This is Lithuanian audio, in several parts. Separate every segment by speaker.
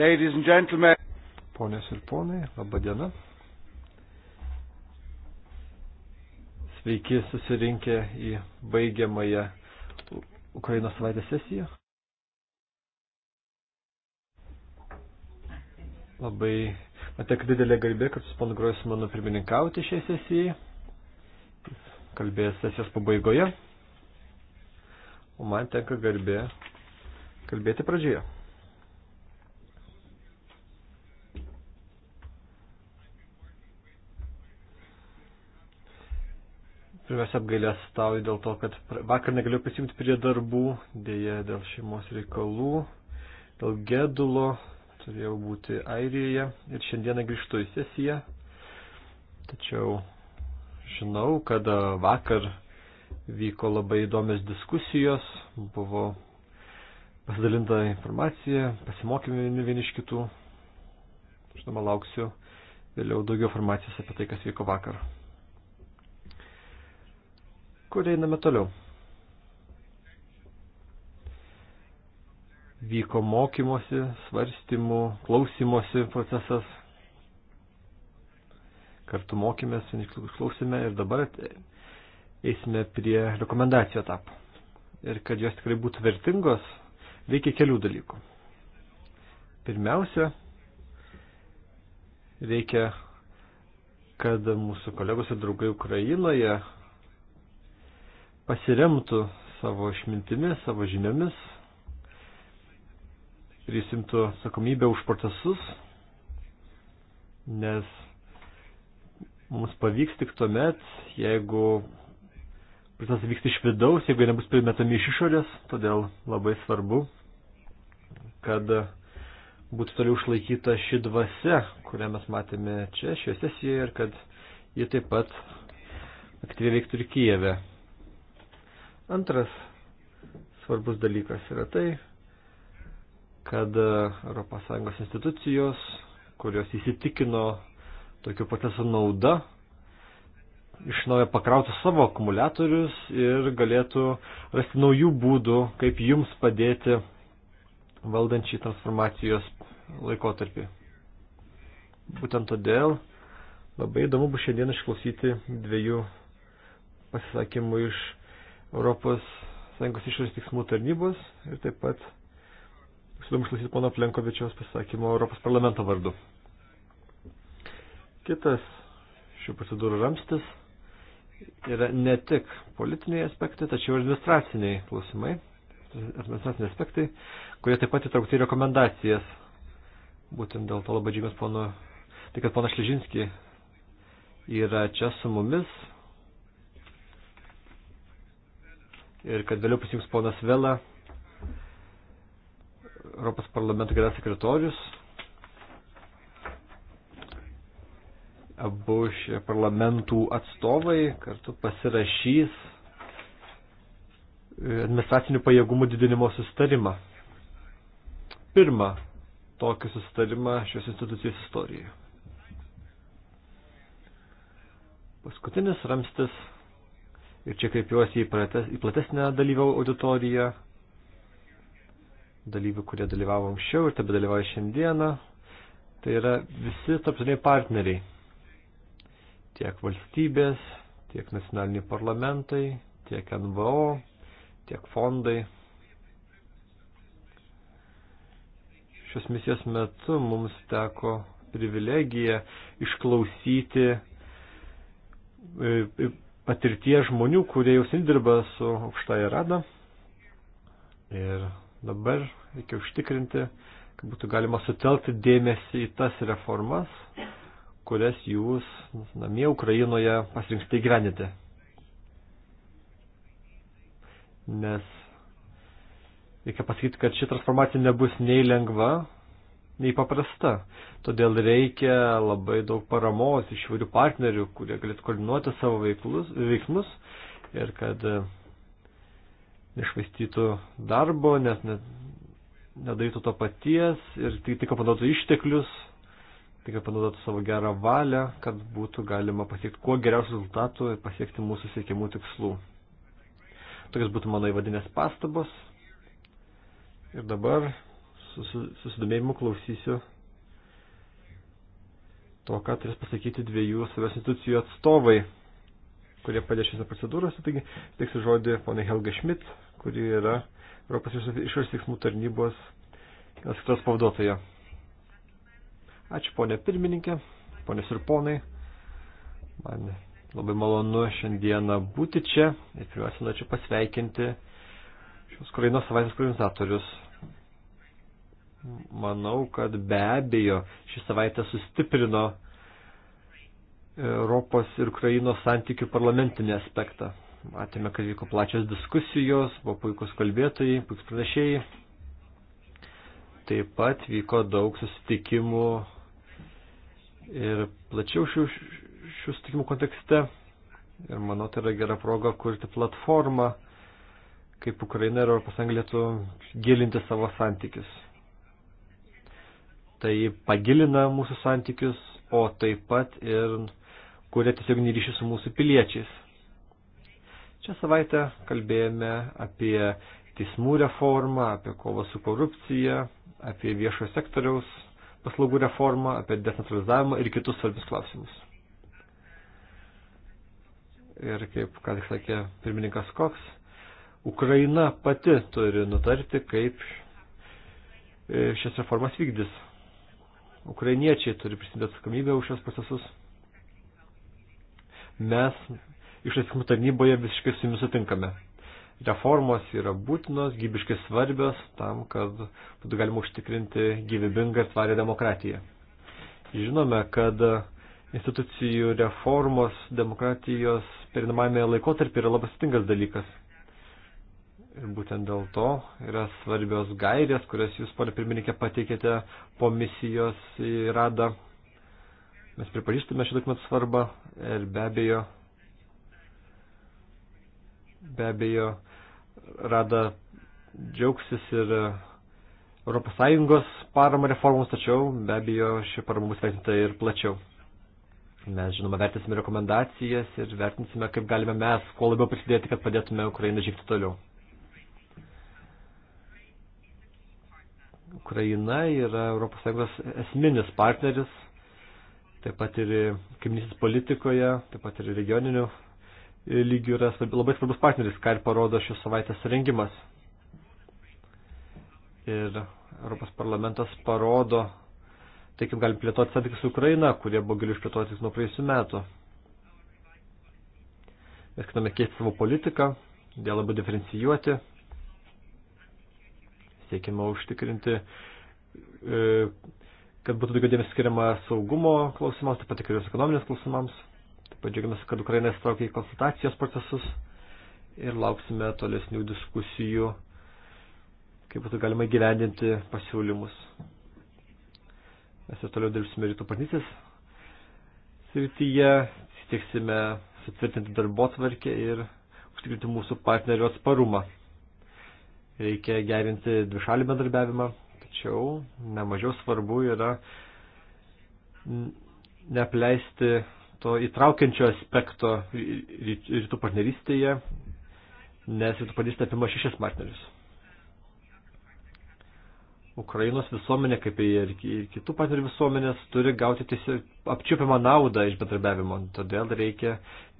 Speaker 1: Ladies and gentlemen. Ponės ir ponai, laba diena. Sveiki susirinkę į baigiamąją Ukrainos savaitės sesiją. Labai matek didelė garbė, kad su panu Grojus mano pirmininkauti šiai sesijai. Jis kalbės sesijos pabaigoje. O man tenka garbė kalbėti pradžioje. Pirmiausia, apgailės tau dėl to, kad vakar negalėjau prisimti prie darbų, dėja dėl šeimos reikalų, dėl gedulo, turėjau būti Airijoje ir šiandieną grįžtu į sesiją. Tačiau žinau, kad vakar vyko labai įdomios diskusijos, buvo pasidalinta informacija, pasimokėme vieni iš kitų. Žinoma, lauksiu vėliau daugiau informacijos apie tai, kas vyko vakar. Kur einame toliau? Vyko mokymosi, svarstymų, klausimosi procesas. Kartu mokėmės, vieni klausime ir dabar eisime prie rekomendacijų etapų. Ir kad jos tikrai būtų vertingos, Reikia kelių dalykų. Pirmiausia, reikia, kad mūsų kolegos ir draugai Ukrainoje pasiremtų savo išmintimis, savo žiniomis ir įsimtų atsakomybę už procesus, nes mums pavyks tik tuomet, jeigu procesas vyks iš vidaus, jeigu nebus primetami iš išorės, todėl labai svarbu, kad būtų toliau išlaikyta ši dvasia, kurią mes matėme čia, šioje sesijoje ir kad ji taip pat aktyviai veiktų ir Kijeve. Antras svarbus dalykas yra tai, kad ES institucijos, kurios įsitikino tokių procesų nauda, iš naujo pakrautų savo akumuliatorius ir galėtų rasti naujų būdų, kaip jums padėti valdant šį transformacijos laikotarpį. Būtent todėl labai įdomu bus šiandien išklausyti dviejų pasisakymų iš Europos Sąjungos išorės tiksmų tarnybos ir taip pat bus įdomu išklausyti pono Plenkovičiaus pasisakymo Europos parlamento vardu. Kitas šių procedūrų ramstis yra ne tik politiniai aspektai, tačiau ir administraciniai klausimai, administraciniai aspektai, kurie taip pat įtraukti į rekomendacijas. Būtent dėl to labai džiamės pono, tai kad ponas Šležinski yra čia su mumis ir kad vėliau pasijungs ponas Vela, Europos parlamento geras sekretorius. Abu šie parlamentų atstovai kartu pasirašys administracinių pajėgumų didinimo sustarimą pirmą tokį susitarimą šios institucijos istorijoje. Paskutinis ramstis, ir čia kreipiuosi į, prates, į platesnę dalyvau auditoriją, dalyvių, kurie dalyvavo anksčiau ir tebe dalyvauja šiandieną, tai yra visi tarptautiniai partneriai. Tiek valstybės, tiek nacionaliniai parlamentai, tiek NVO, tiek fondai. šios misijos metu mums teko privilegija išklausyti e, e, patirties žmonių, kurie jau dirba su aukštąją radą. Ir dabar reikia užtikrinti, kad būtų galima sutelkti dėmesį į tas reformas, kurias jūs namie Ukrainoje pasirinksite įgyvendinti. Nes Reikia pasakyti, kad ši transformacija nebus nei lengva, nei paprasta. Todėl reikia labai daug paramos iš įvairių partnerių, kurie galėtų koordinuoti savo veiklus, veiksmus ir kad e, nešvaistytų darbo, nes net, nedarytų to paties ir tik, tik panaudotų išteklius, tik panaudotų savo gerą valią, kad būtų galima pasiekti kuo geriausių rezultatų ir pasiekti mūsų siekiamų tikslų. Tokios būtų mano įvadinės pastabos. Ir dabar susidomėjimu klausysiu to, ką turės pasakyti dviejų savęs institucijų atstovai, kurie padės šiose procedūrose. Taigi, teiksiu žodį ponai Helga Schmidt, kuri yra Europos išorės veiksmų tarnybos atskiros pavaduotoja. Ačiū ponė pirmininkė, ponės ir ponai. Man labai malonu šiandieną būti čia ir pirmiausia, norėčiau pasveikinti šios Ukrainos savaitės organizatorius manau, kad be abejo šį savaitę sustiprino Europos ir Ukrainos santykių parlamentinį aspektą. Matėme, kad vyko plačios diskusijos, buvo puikus kalbėtojai, puikus pranešėjai. Taip pat vyko daug susitikimų ir plačiau šių, šių susitikimų kontekste. Ir manau, tai yra gera proga kurti platformą, kaip Ukraina ir Europos Sąjunga galėtų gilinti savo santykius tai pagilina mūsų santykius, o taip pat ir kuria tiesiog ryšį su mūsų piliečiais. Čia savaitę kalbėjome apie teismų reformą, apie kovą su korupcija, apie viešo sektoriaus paslaugų reformą, apie decentralizavimą ir kitus svarbius klausimus. Ir kaip ką tik sakė pirmininkas Koks, Ukraina pati turi nutarti, kaip e, šias reformas vykdys. Ukrainiečiai turi prisimti atsakomybę už šios procesus. Mes iš atsakomų tarnyboje visiškai su jumis sutinkame. Reformos yra būtinos, gybiškai svarbios tam, kad būtų galima užtikrinti gyvybingą ir tvarią demokratiją. Žinome, kad institucijų reformos demokratijos perinamame laikotarpį yra labai stingas dalykas Ir būtent dėl to yra svarbios gairės, kurias jūs, ponė pirmininkė, pateikėte po misijos į radą. Mes pripažįstame šį dokumentą svarbą ir be abejo, be abejo, rada džiaugsis ir ES parama reformoms, tačiau be abejo ši parama bus vertinta ir plačiau. Mes, žinoma, vertinsime rekomendacijas ir vertinsime, kaip galime mes kuo labiau prisidėti, kad padėtume Ukrainai žygti toliau. Ukraina yra ES esminis partneris, taip pat ir kaiminysis politikoje, taip pat ir regioniniu lygiu yra labai svarbus partneris, ką ir parodo šios savaitės rengimas. Ir Europos parlamentas parodo tai, kaip galim plėtoti santykius su Ukraina, kurie buvo galiu išplėtoti nuo praėjusių metų. Mes kitame keisti savo politiką, dėl labai diferencijuoti Siekima užtikrinti, e, kad būtų daugiau dėmesio skiriama saugumo klausimams, taip pat ir ekonominės klausimams. Taip pat džiaugiamės, kad Ukraina įsitraukia į konsultacijos procesus ir lauksime tolesnių diskusijų, kaip būtų galima įgyvendinti pasiūlymus. Mes ir toliau dirbsime rytų partnysės srityje, sieksime sutvirtinti darbo tvarkę ir užtikrinti mūsų partnerių atsparumą reikia gerinti dvišalį bendradarbiavimą, tačiau nemažiau svarbu yra neapleisti to įtraukiančio aspekto rytų partnerystėje, nes rytų partnerystė apima šešias partnerius. Ukrainos visuomenė, kaip ir kitų partnerių visuomenės, turi gauti tiesiog apčiupiamą naudą iš bendradarbiavimo. Todėl reikia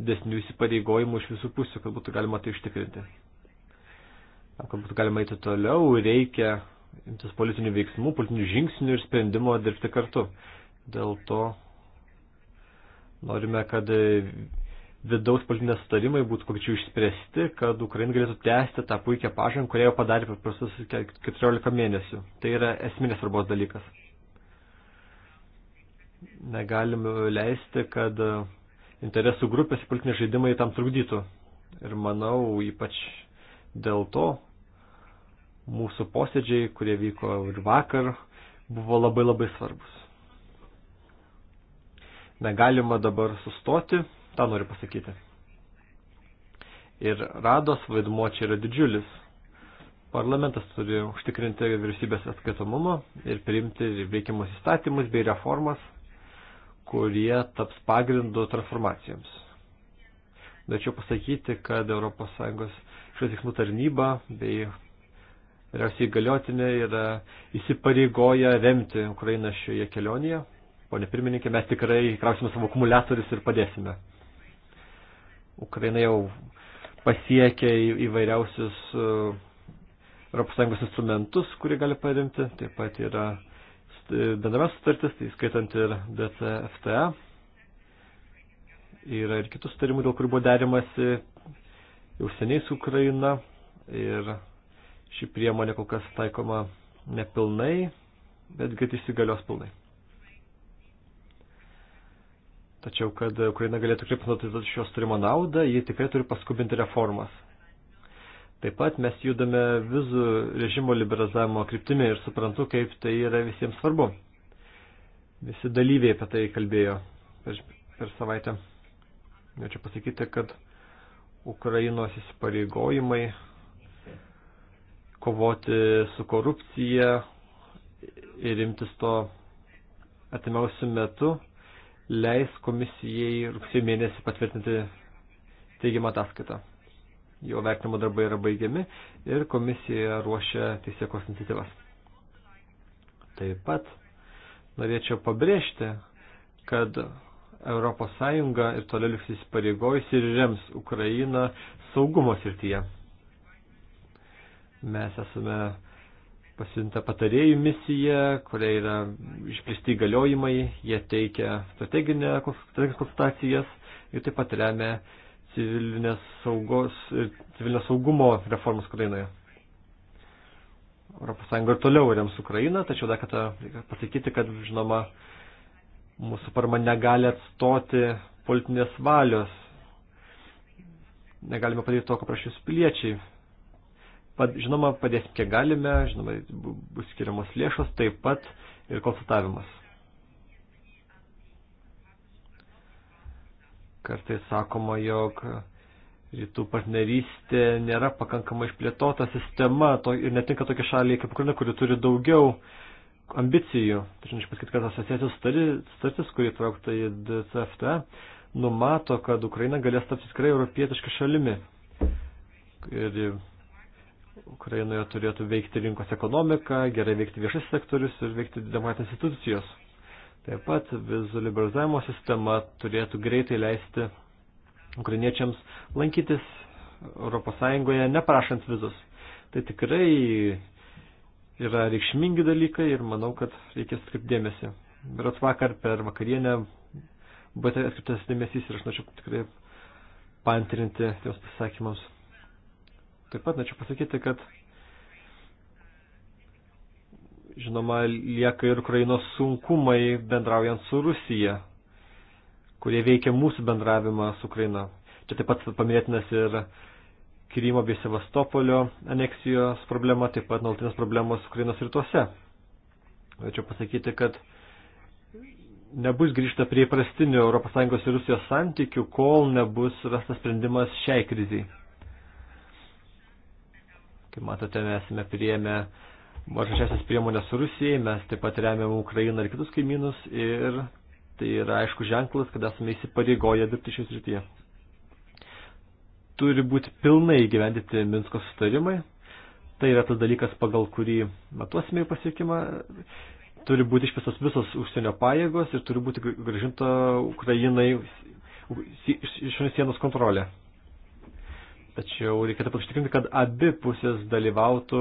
Speaker 1: desnių įsipareigojimų iš visų pusių, kad būtų galima tai ištikrinti kad būtų galima eiti toliau, reikia imtis politinių veiksmų, politinių žingsnių ir sprendimo dirbti kartu. Dėl to norime, kad vidaus politinės sutarimai būtų kokčiau išspręsti, kad Ukraina galėtų tęsti tą puikią pažangą, kurią jau padarė per prasus 14 mėnesių. Tai yra esminės svarbos dalykas. Negalim leisti, kad interesų grupės ir politiniai žaidimai tam trukdytų. Ir manau, ypač dėl to mūsų posėdžiai, kurie vyko ir vakar, buvo labai labai svarbus. Negalima dabar sustoti, tą noriu pasakyti. Ir rados vaidmuo čia yra didžiulis. Parlamentas turi užtikrinti vyriausybės atskaitomumą ir priimti veikiamus įstatymus bei reformas, kurie taps pagrindu transformacijoms. Norėčiau pasakyti, kad ES šios veiksmų tarnyba bei Vyriausiai galiotinė yra įsipareigoja remti Ukrainą šioje kelionėje. Pone pirmininkė, mes tikrai krausime savo akumuliatorius ir padėsime. Ukraina jau pasiekė įvairiausius ES instrumentus, kurie gali paremti. Taip pat yra e, bendramas sutartis, tai skaitant ir DCFTA. Yra ir kitus sutarimų, dėl kurių buvo derimasi jau seniai su Ukraina. Ir Ši priemonė kol kas taikoma nepilnai, bet greit įsigalios pilnai. Tačiau, kad Ukraina galėtų tikrai panaudoti šios turimo naudą, ji tikrai turi paskubinti reformas. Taip pat mes judame vizų režimo liberalizavimo kryptimi ir suprantu, kaip tai yra visiems svarbu. Visi dalyviai apie tai kalbėjo per, per savaitę. Norėčiau pasakyti, kad Ukrainos įsipareigojimai kovoti su korupcija ir imtis to atimiausių metų leis komisijai rugsėjo mėnesį patvirtinti teigiamą ataskaitą. Jo vertinimo darbai yra baigiami ir komisija ruošia teisėkos iniciatyvas. Taip pat norėčiau pabrėžti, kad ES ir toliau liks įsipareigojusi ir rems Ukrainą saugumo srityje. Mes esame pasiunta patarėjų misija, kuria yra išplisti galiojimai, jie teikia strateginės konsultacijas ir taip pat remia civilinės, saugos, civilinės saugumo reformas Ukrainoje. ES ir toliau rems Ukrainą, tačiau dar kartą pasakyti, kad, žinoma, mūsų parma negali atstoti politinės valios. Negalime padaryti to, ko prašys piliečiai Žinoma, padėsim kiek galime, žinoma, bus skiriamos lėšos, taip pat ir konsultavimas. Kartais sakoma, jog rytų partnerystė nėra pakankamai išplėtota sistema to, ir netinka tokia šaliai kaip Ukraina, kuri turi daugiau ambicijų. Tačiau aš pasakyti, kad asociacijos sutartis, kuri traukta į DCFT, numato, kad Ukraina galės tapti tikrai europietišką šalimi. Ir Ukrainoje turėtų veikti rinkos ekonomika, gerai veikti viešas sektorius ir veikti demokratinės institucijos. Taip pat vizų liberalizavimo sistema turėtų greitai leisti ukrainiečiams lankytis ES neprašant vizus. Tai tikrai yra reikšmingi dalykai ir manau, kad reikės skripdėmėsi. Berots vakar per vakarienę buvo atkreiptas dėmesys ir aš norėčiau tikrai pantrinti jos pasakymams. Taip pat norėčiau pasakyti, kad žinoma lieka ir Ukrainos sunkumai bendraujant su Rusija, kurie veikia mūsų bendravimą su Ukraina. Čia taip pat paminėtinas ir Krymo bei Sevastopolio aneksijos problema, taip pat nuolatinės problemos Ukrainos rytuose. Norėčiau pasakyti, kad nebus grįžta prie prastinių ES ir Rusijos santykių, kol nebus rastas sprendimas šiai kriziai. Kaip matote, mes esame prieėmę mažasias priemonės Rusijai, mes taip pat remiam Ukrainą ir kitus kaimynus ir tai yra aišku ženklas, kad esame įsipareigoję dirbti šioje srityje. Turi būti pilnai įgyvendyti Minsko sustarimai, tai yra tas dalykas, pagal kurį matuosime į pasiekimą, turi būti išpėstos visos užsienio pajėgos ir turi būti gražinta Ukrainai iš sienos kontrolė. Tačiau reikėtų užtikrinti, kad abi pusės dalyvautų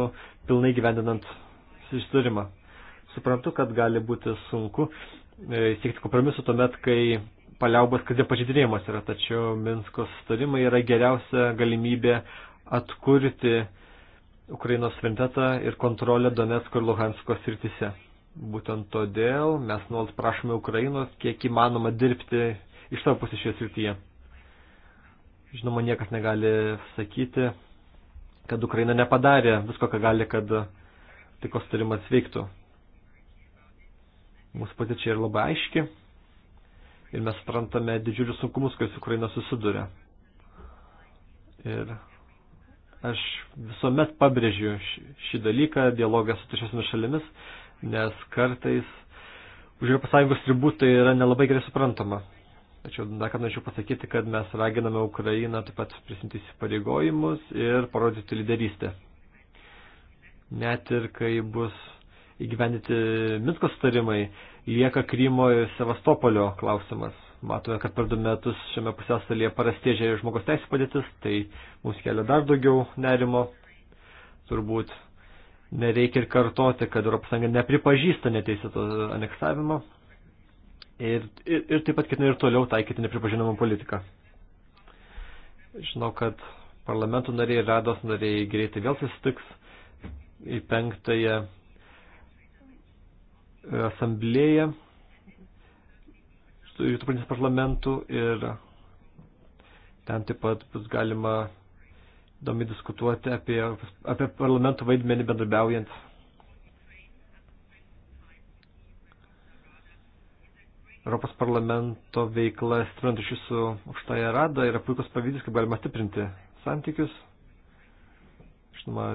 Speaker 1: pilnai gyvendinant susitarimą. Suprantu, kad gali būti sunku e, siekti kompromisu tuomet, kai paliaubos krizė pažydinėjimas yra, tačiau Minsko susitarimai yra geriausia galimybė atkurti Ukrainos suverenitetą ir kontrolę Donetsko ir Luhansko srityse. Būtent todėl mes nuolat prašome Ukrainos kiek įmanoma dirbti iš savo pusės šioje srityje. Žinoma, niekas negali sakyti, kad Ukraina nepadarė visko, ką gali, kad taikos tarimas veiktų. Mūsų pozicija yra labai aiški ir mes suprantame didžiulius sunkumus, kai su Ukraina susiduria. Ir aš visuomet pabrėžiu šį, šį dalyką, dialogą su trečiosiomis šalimis, nes kartais už Europos Sąjungos ribų tai yra nelabai gerai suprantama. Tačiau dar ką norėčiau pasakyti, kad mes raginame Ukrainą taip pat prisimti įsipareigojimus ir parodyti lyderystę. Net ir kai bus įgyvendyti Minsko sutarimai, lieka Krymo ir Sevastopolio klausimas. Matome, kad per du metus šiame pusėsalyje parastėžė žmogaus teisų padėtis, tai mums kelia dar daugiau nerimo. Turbūt nereikia ir kartoti, kad ES nepripažįsta neteisėto aneksavimo ir, ir, ir taip pat ketina ir toliau taikyti nepripažinamą politiką. Žinau, kad parlamentų nariai ir rados nariai greitai vėl susitiks į penktąją e, asamblėją Jūtuprinės parlamentų ir ten taip pat bus galima įdomi diskutuoti apie, apie parlamentų vaidmenį bendrabiaujant Europos parlamento veikla, strinant iš jūsų aukštąją radą, yra puikus pavyzdys, kaip galima stiprinti santykius. Žinoma,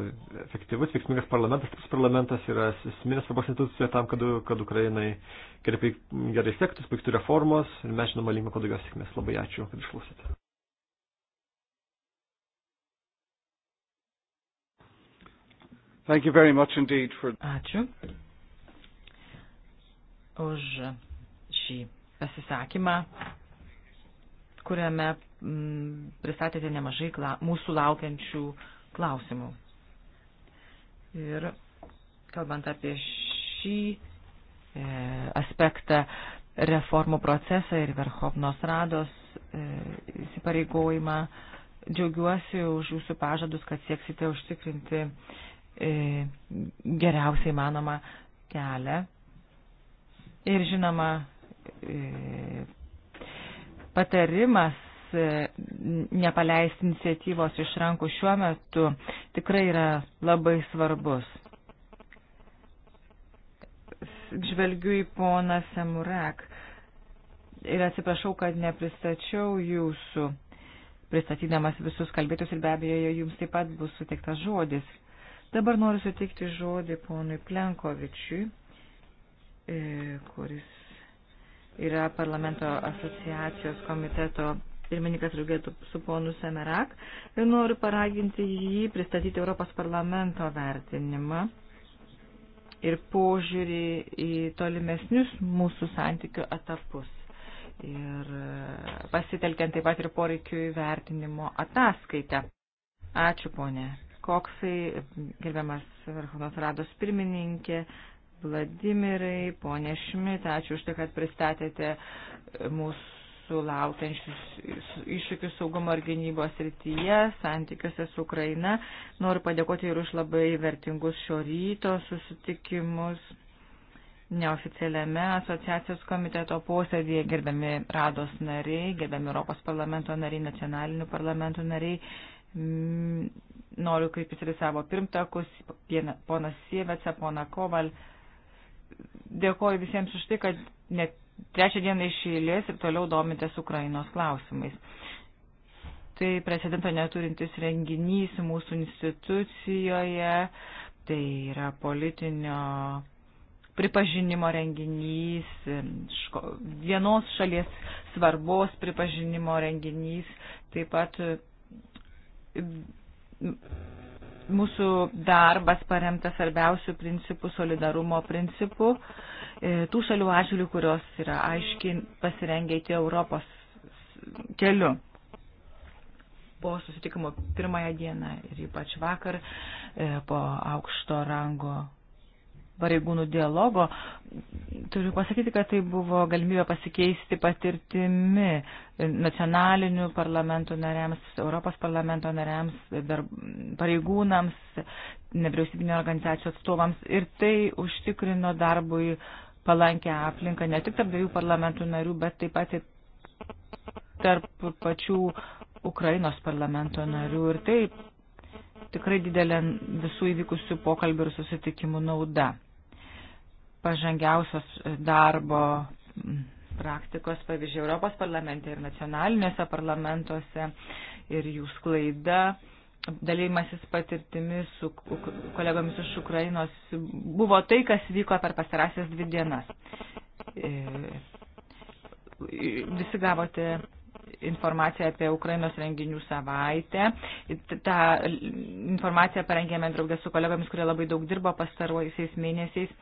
Speaker 1: efektyvus, veiksmingas parlamentas, stiprus parlamentas yra esminės svarbos institucija tam, kad, kad Ukrainai gerai, gerai sektus, baigtų reformos ir mes, žinoma, linkime kuo daugiau sėkmės. Labai ačiū, kad išklausėte. Thank you very much indeed for... Ačiū
Speaker 2: už šį pasisakymą, kuriame mm, pristatėte nemažai mūsų laukiančių klausimų. Ir kalbant apie šį e, aspektą reformų procesą ir Verhovnos rados e, įsipareigojimą, džiaugiuosi už jūsų pažadus, kad sieksite užtikrinti e, geriausiai manoma kelią. Ir žinoma, E, patarimas e, nepaleisti iniciatyvos iš rankų šiuo metu tikrai yra labai svarbus. Žvelgiu į poną Samurak ir atsiprašau, kad nepristačiau jūsų, pristatydamas visus kalbėtus ir be abejo jums taip pat bus suteiktas žodis. Dabar noriu suteikti žodį ponui Plenkovičiui, e, kuris yra parlamento asociacijos komiteto pirmininkas Rūgėtų su ponu Semerak ir noriu paraginti jį pristatyti Europos parlamento vertinimą ir požiūrį į tolimesnius mūsų santykių etapus. Ir e, pasitelkiant taip pat ir poreikių įvertinimo ataskaitę. Ačiū, ponė. Koksai, gerbiamas Verhonos Rados pirmininkė, Vladimirai, ponė Šmit, ačiū už tai, kad pristatėte mūsų laukiančius iššūkius saugumo ir gynybos rytyje, santykiuose su Ukraina. Noriu padėkoti ir už labai vertingus šio ryto susitikimus neoficialiame asociacijos komiteto posėdėje gerbiami Rados nariai, gerbiami Europos parlamento nariai, nacionalinių parlamentų nariai. Mm, noriu kreiptis ir savo pirmtakus, poną Sievecą, poną Koval, dėkoju visiems už tai, kad net trečią dieną išėlės ir toliau domitės Ukrainos klausimais. Tai precedento neturintis renginys mūsų institucijoje, tai yra politinio pripažinimo renginys, vienos šalies svarbos pripažinimo renginys, taip pat mūsų darbas paremtas svarbiausių principų, solidarumo principų, e, tų šalių atžvilgių, kurios yra aiškiai pasirengę įti Europos keliu. Po susitikimo pirmąją dieną ir ypač vakar, e, po aukšto rango pareigūnų dialogo, turiu pasakyti, kad tai buvo galimybė pasikeisti patirtimi nacionalinių parlamentų nariams, Europos parlamento nariams, dar, pareigūnams, nevyriausybinio organizacijų atstovams ir tai užtikrino darbui palankę aplinką ne tik tarp dviejų parlamentų narių, bet taip pat ir tarp pačių Ukrainos parlamento narių ir taip tikrai didelė visų įvykusių pokalbių ir susitikimų nauda. Pažangiausios darbo praktikos pavyzdžiai Europos parlamente ir nacionalinėse parlamentuose ir jų sklaida, dalymasis patirtimi su kolegomis iš Ukrainos buvo tai, kas vyko per pastarąsias dvi dienas. E, visi gavote informaciją apie Ukrainos renginių savaitę. Ta informacija parengėme draugės su kolegomis, kurie labai daug dirbo pastaruojusiais mėnesiais.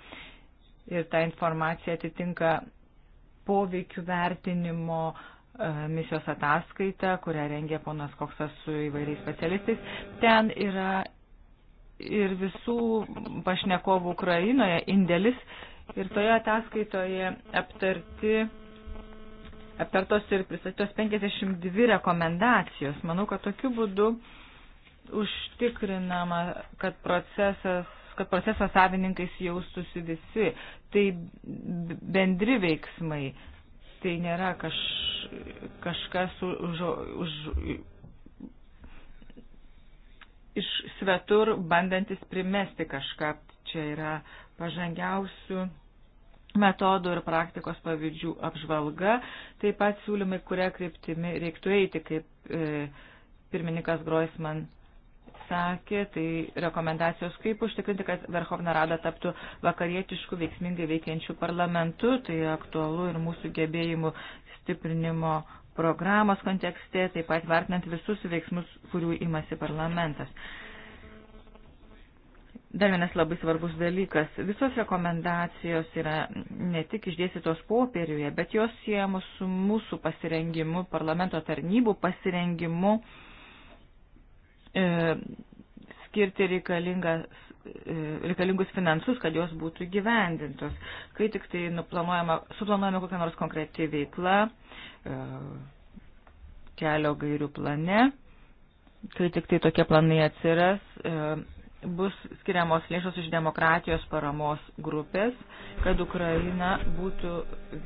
Speaker 2: Ir ta informacija atitinka poveikių vertinimo e, misijos ataskaitą, kurią rengė ponas Koksas su įvairiais specialistais. Ten yra ir visų pašnekovų Ukrainoje indėlis ir toje ataskaitoje aptarti aptartos ir pristatytos 52 rekomendacijos. Manau, kad tokiu būdu užtikrinama, kad procesas kad proceso savininkais jaustųsi visi. Tai bendri veiksmai, tai nėra kaž, kažkas už, už, iš svetur bandantis primesti kažką. Čia yra pažangiausių metodų ir praktikos pavyzdžių apžvalga, taip pat siūlymai, kuria kryptimi reiktų eiti, kaip e, pirmininkas Groisman sakė, tai rekomendacijos, kaip užtikrinti, kad Verhovna Rada taptų vakarietiškų veiksmingai veikiančių parlamentų, tai aktualu ir mūsų gebėjimų stiprinimo programos kontekste, taip pat vertinant visus veiksmus, kurių imasi parlamentas. Dar vienas labai svarbus dalykas. Visos rekomendacijos yra ne tik išdėstytos popieriuje, bet jos siejamos su mūsų pasirengimu, parlamento tarnybų pasirengimu e, skirti reikalingas e, reikalingus finansus, kad jos būtų gyvendintos. Kai tik tai suplanuojama kokia nors konkreti veikla e, kelio gairių plane, kai tik tai tokie planai atsiras, e, bus skiriamos lėšos iš demokratijos paramos grupės, kad Ukraina būtų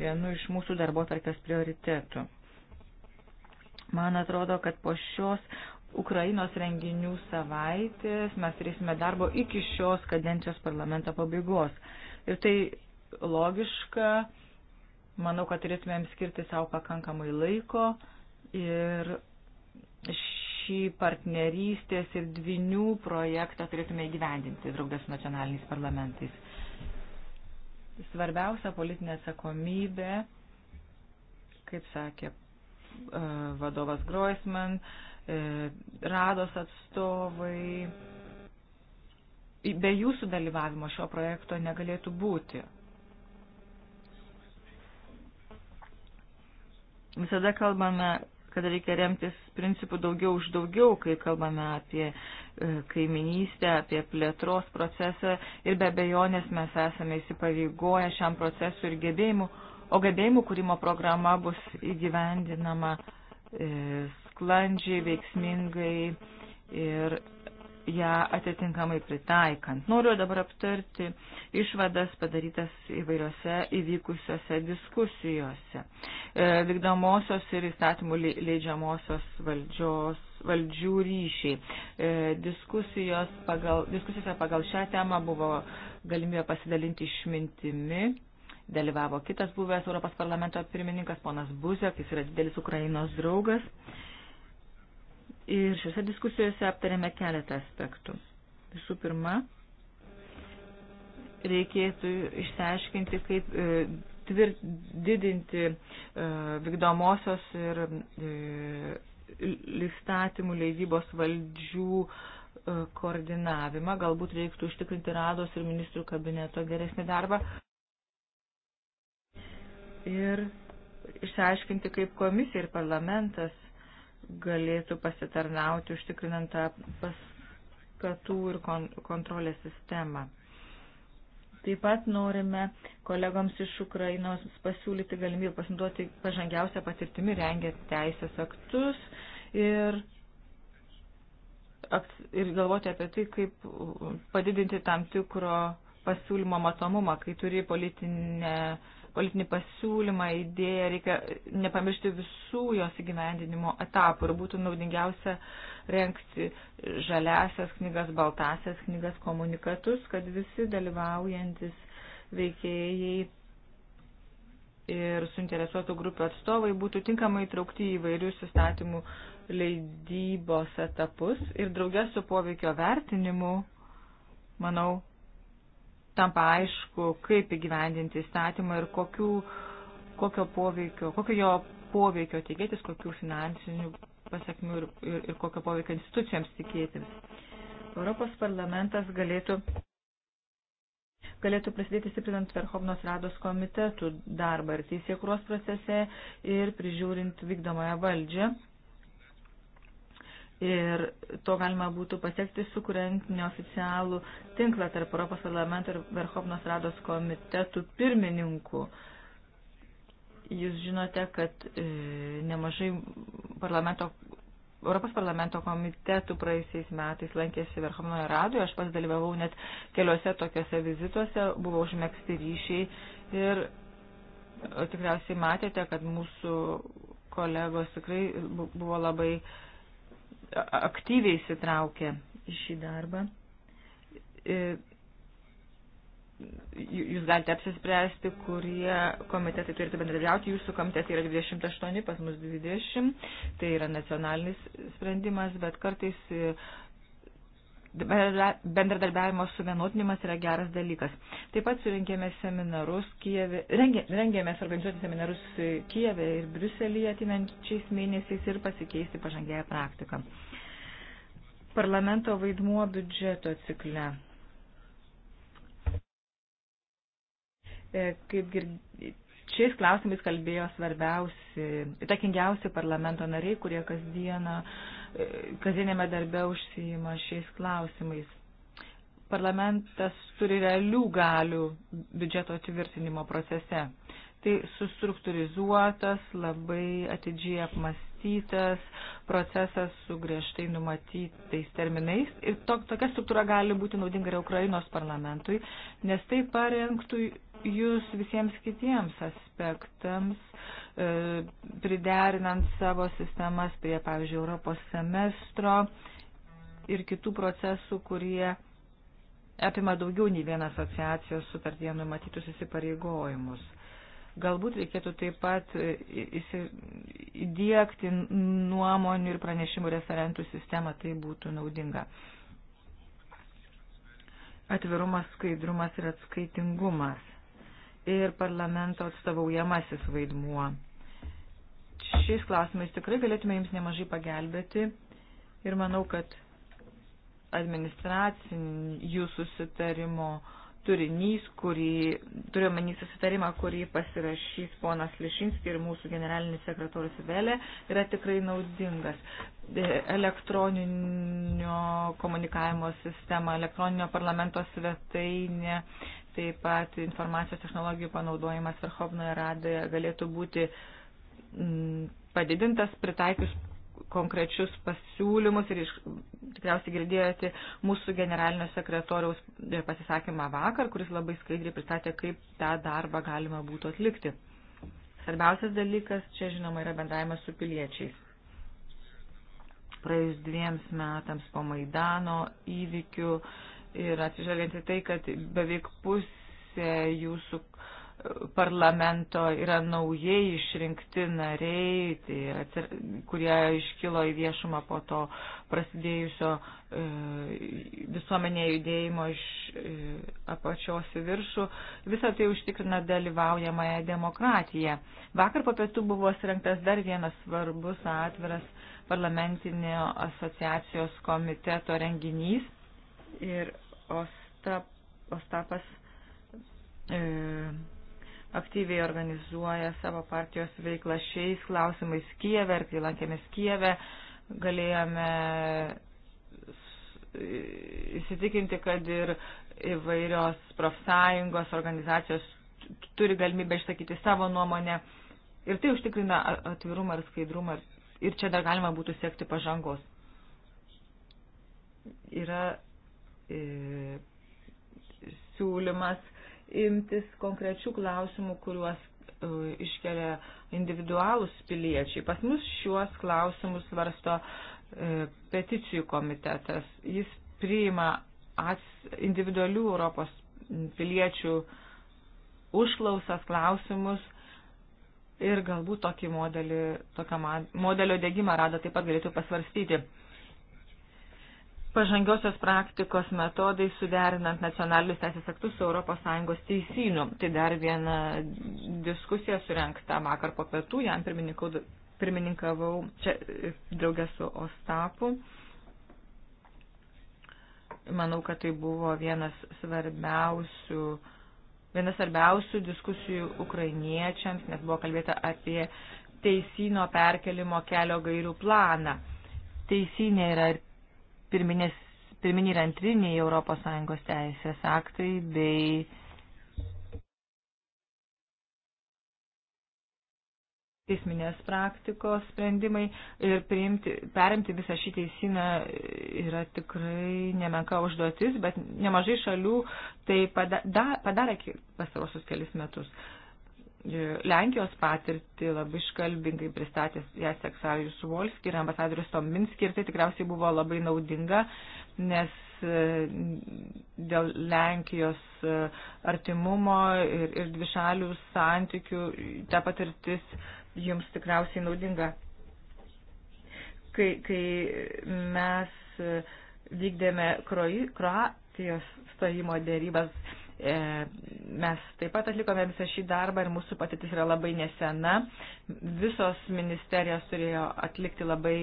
Speaker 2: vienu iš mūsų darbo tarkės prioritetų. Man atrodo, kad po šios Ukrainos renginių savaitės mes turėsime darbo iki šios kadencijos parlamento pabaigos. Ir tai logiška, manau, kad turėtumėm skirti savo pakankamai laiko ir šį partnerystės ir dvinių projektą turėtume įgyvendinti draugės nacionaliniais parlamentais. Svarbiausia politinė atsakomybė, kaip sakė e, vadovas Groisman, e, Rados atstovai, be jūsų dalyvavimo šio projekto negalėtų būti. Visada kalbame kad reikia remtis principų daugiau už daugiau, kai kalbame apie e, kaiminystę, apie plėtros procesą ir be bejonės mes esame įsipareigoję šiam procesui ir gebėjimų, o gebėjimų kūrimo programa bus įgyvendinama e, sklandžiai, veiksmingai ir ją atitinkamai pritaikant. Noriu dabar aptarti išvadas padarytas įvairiose įvykusiose diskusijose. E, vykdomosios ir įstatymų leidžiamosios valdžios valdžių ryšiai. E, diskusijos pagal, diskusijose pagal šią temą buvo galimybė pasidalinti išmintimi dalyvavo kitas buvęs Europos parlamento pirmininkas, ponas Buzek, jis yra didelis Ukrainos draugas. Ir šiuose diskusijose aptarėme keletą aspektų. Visų pirma, reikėtų išsiaiškinti, kaip e, tvirt, didinti e, vykdomosios ir e, įstatymų e, leidybos valdžių e, koordinavimą. Galbūt reiktų užtikrinti rados ir ministrų kabineto geresnį darbą. Ir išsiaiškinti, kaip komisija ir parlamentas galėtų pasitarnauti užtikrinant tą paskatų ir kontrolės sistemą. Taip pat norime kolegoms iš Ukrainos pasiūlyti galimybę pasinduoti pažangiausią patirtimį rengiant teisės aktus ir, ir galvoti apie tai, kaip padidinti tam tikro pasiūlymo matomumą, kai turi politinę politinį pasiūlymą, idėją, reikia nepamiršti visų jos įgyvendinimo etapų ir būtų naudingiausia renkti žaliasias knygas, baltasias knygas, komunikatus, kad visi dalyvaujantis veikėjai ir suinteresuotų grupių atstovai būtų tinkamai traukti į vairius įstatymų leidybos etapus ir draugės su poveikio vertinimu, manau, tampa aišku, kaip įgyvendinti įstatymą ir kokių, kokio poveikio, kokio jo poveikio tikėtis, kokių finansinių pasiekmių ir, ir, ir kokio poveikio institucijoms tikėtis. Europos parlamentas galėtų, galėtų prasidėti stiprinant Verhovnos rados komitetų darbą ir teisėkros procese ir prižiūrint vykdomąją valdžią Ir to galima būtų pasiekti, sukuriant neoficialų tinklą tarp Europos parlamento ir Verhovnos rados komitetų pirmininkų. Jūs žinote, kad e, nemažai parlamento, Europos parlamento komitetų praeisiais metais lankėsi Verhovnoje radoje, aš pats dalyvavau net keliuose tokiuose vizituose, buvo užmėgsti ryšiai ir e, tikriausiai matėte, kad mūsų kolegos tikrai buvo labai e, aktyviai įsitraukė į šį darbą. E, jūs galite apsispręsti, kurie komitetai turite bendradarbiauti. Jūsų komitetai yra 28, pas mus 20. Tai yra nacionalinis sprendimas, bet kartais e, bendradarbiavimo suvienodinimas yra geras dalykas. Taip pat surinkėme seminarus Kijeve, rengė, rengėmės organizuoti seminarus Kijeve ir Briuselėje atinančiais mėnesiais ir pasikeisti pažangėją praktiką. Parlamento vaidmuo biudžeto cikle. E, kaip girdėjau, šiais klausimais kalbėjo svarbiausi, įtakingiausi parlamento nariai, kurie kasdieną uh, kasdienėme darbe užsijima šiais klausimais. Parlamentas turi realių galių biudžeto tvirtinimo procese. Tai sustruktūrizuotas, labai atidžiai apmastytas procesas su griežtai numatytais terminais. Ir to, tokia struktūra gali būti naudinga ir Ukrainos parlamentui, nes tai parengtų jūs visiems kitiems aspektams, e, priderinant savo sistemas prie, pavyzdžiui, Europos semestro ir kitų procesų, kurie apima daugiau nei vieną asociacijos sutartyje numatytus įsipareigojimus. Galbūt reikėtų taip pat e, įdėkti nuomonių ir pranešimų referentų sistemą, tai būtų naudinga. Atvirumas, skaidrumas ir atskaitingumas ir parlamento atstovaujamasis vaidmuo. Šiais klausimais tikrai galėtume jums nemažai pagelbėti ir manau, kad administracinių susitarimo turinys, kurį, turiu manį susitarimą, kurį pasirašys ponas Lišinski ir mūsų generalinis sekretorius Velė, yra tikrai naudingas. Elektroninio komunikavimo sistema, elektroninio parlamento svetainė, Taip pat informacijos technologijų panaudojimas Verhovnoje Radoje galėtų būti mm, padidintas, pritaikius konkrečius pasiūlymus ir iš, tikriausiai girdėjote mūsų generalinio sekretoriaus e, pasisakymą vakar, kuris labai skaidriai pristatė, kaip tą darbą galima būtų atlikti. Svarbiausias dalykas čia, žinoma, yra bendravimas su piliečiais. Praėjus dviems metams po Maidano įvykių ir atsižvelgiant į tai, kad beveik pusė jūsų parlamento yra naujai išrinkti nariai, tai atsir, kurie iškilo į viešumą po to prasidėjusio e, visuomenėje judėjimo iš e, apačios į viršų. Visą tai užtikrina dalyvaujamąją demokratiją. Vakar po pietų buvo surinktas dar vienas svarbus atviras parlamentinio asociacijos komiteto renginys. Ir Ostap, Ostapas e, aktyviai organizuoja savo partijos veiklą šiais klausimais Kijeve ir kai lankėmės Kijeve, galėjome e, įsitikinti, kad ir įvairios profsąjungos organizacijos turi galimybę išsakyti savo nuomonę ir tai užtikrina atvirumą ir skaidrumą ir čia dar galima būtų siekti pažangos. Yra E, siūlymas imtis konkrečių klausimų, kuriuos e, iškelia individualūs piliečiai. Pas mus šiuos klausimus svarsto e, peticijų komitetas. Jis priima individualių Europos piliečių užklausas klausimus ir galbūt tokį modelį, tokio modelio dėgymą rado taip pat galėtų pasvarstyti pažangiosios praktikos metodai suderinant nacionalinius teisės aktus su ES teisynu. Tai dar viena diskusija surenkta vakar po pietų, jam pirmininkavau čia e, draugę su Ostapu. Manau, kad tai buvo vienas svarbiausių vienas svarbiausių diskusijų ukrainiečiams, nes buvo kalbėta apie teisino perkelimo kelio gairių planą. Teisinė yra ir pirminės, pirminiai ir antriniai ES teisės aktai bei teisminės praktikos sprendimai ir priimti, perimti visą šį teisiną yra tikrai nemenka užduotis, bet nemažai šalių tai pada, da, padarė pastarosius kelis metus. Uh, E, Lenkijos patirtį labai iškalbingai pristatęs ją seksarijus Volski ir ambasadorius Tominski ir tai tikriausiai buvo labai naudinga, nes e, dėl Lenkijos e, artimumo ir, ir dvišalių santykių ta patirtis jums tikriausiai naudinga. Kai, kai mes vykdėme Kroatijos stojimo dėrybas, E, mes taip pat atlikome visą šį darbą ir mūsų patirtis yra labai nesena. Visos ministerijos turėjo atlikti labai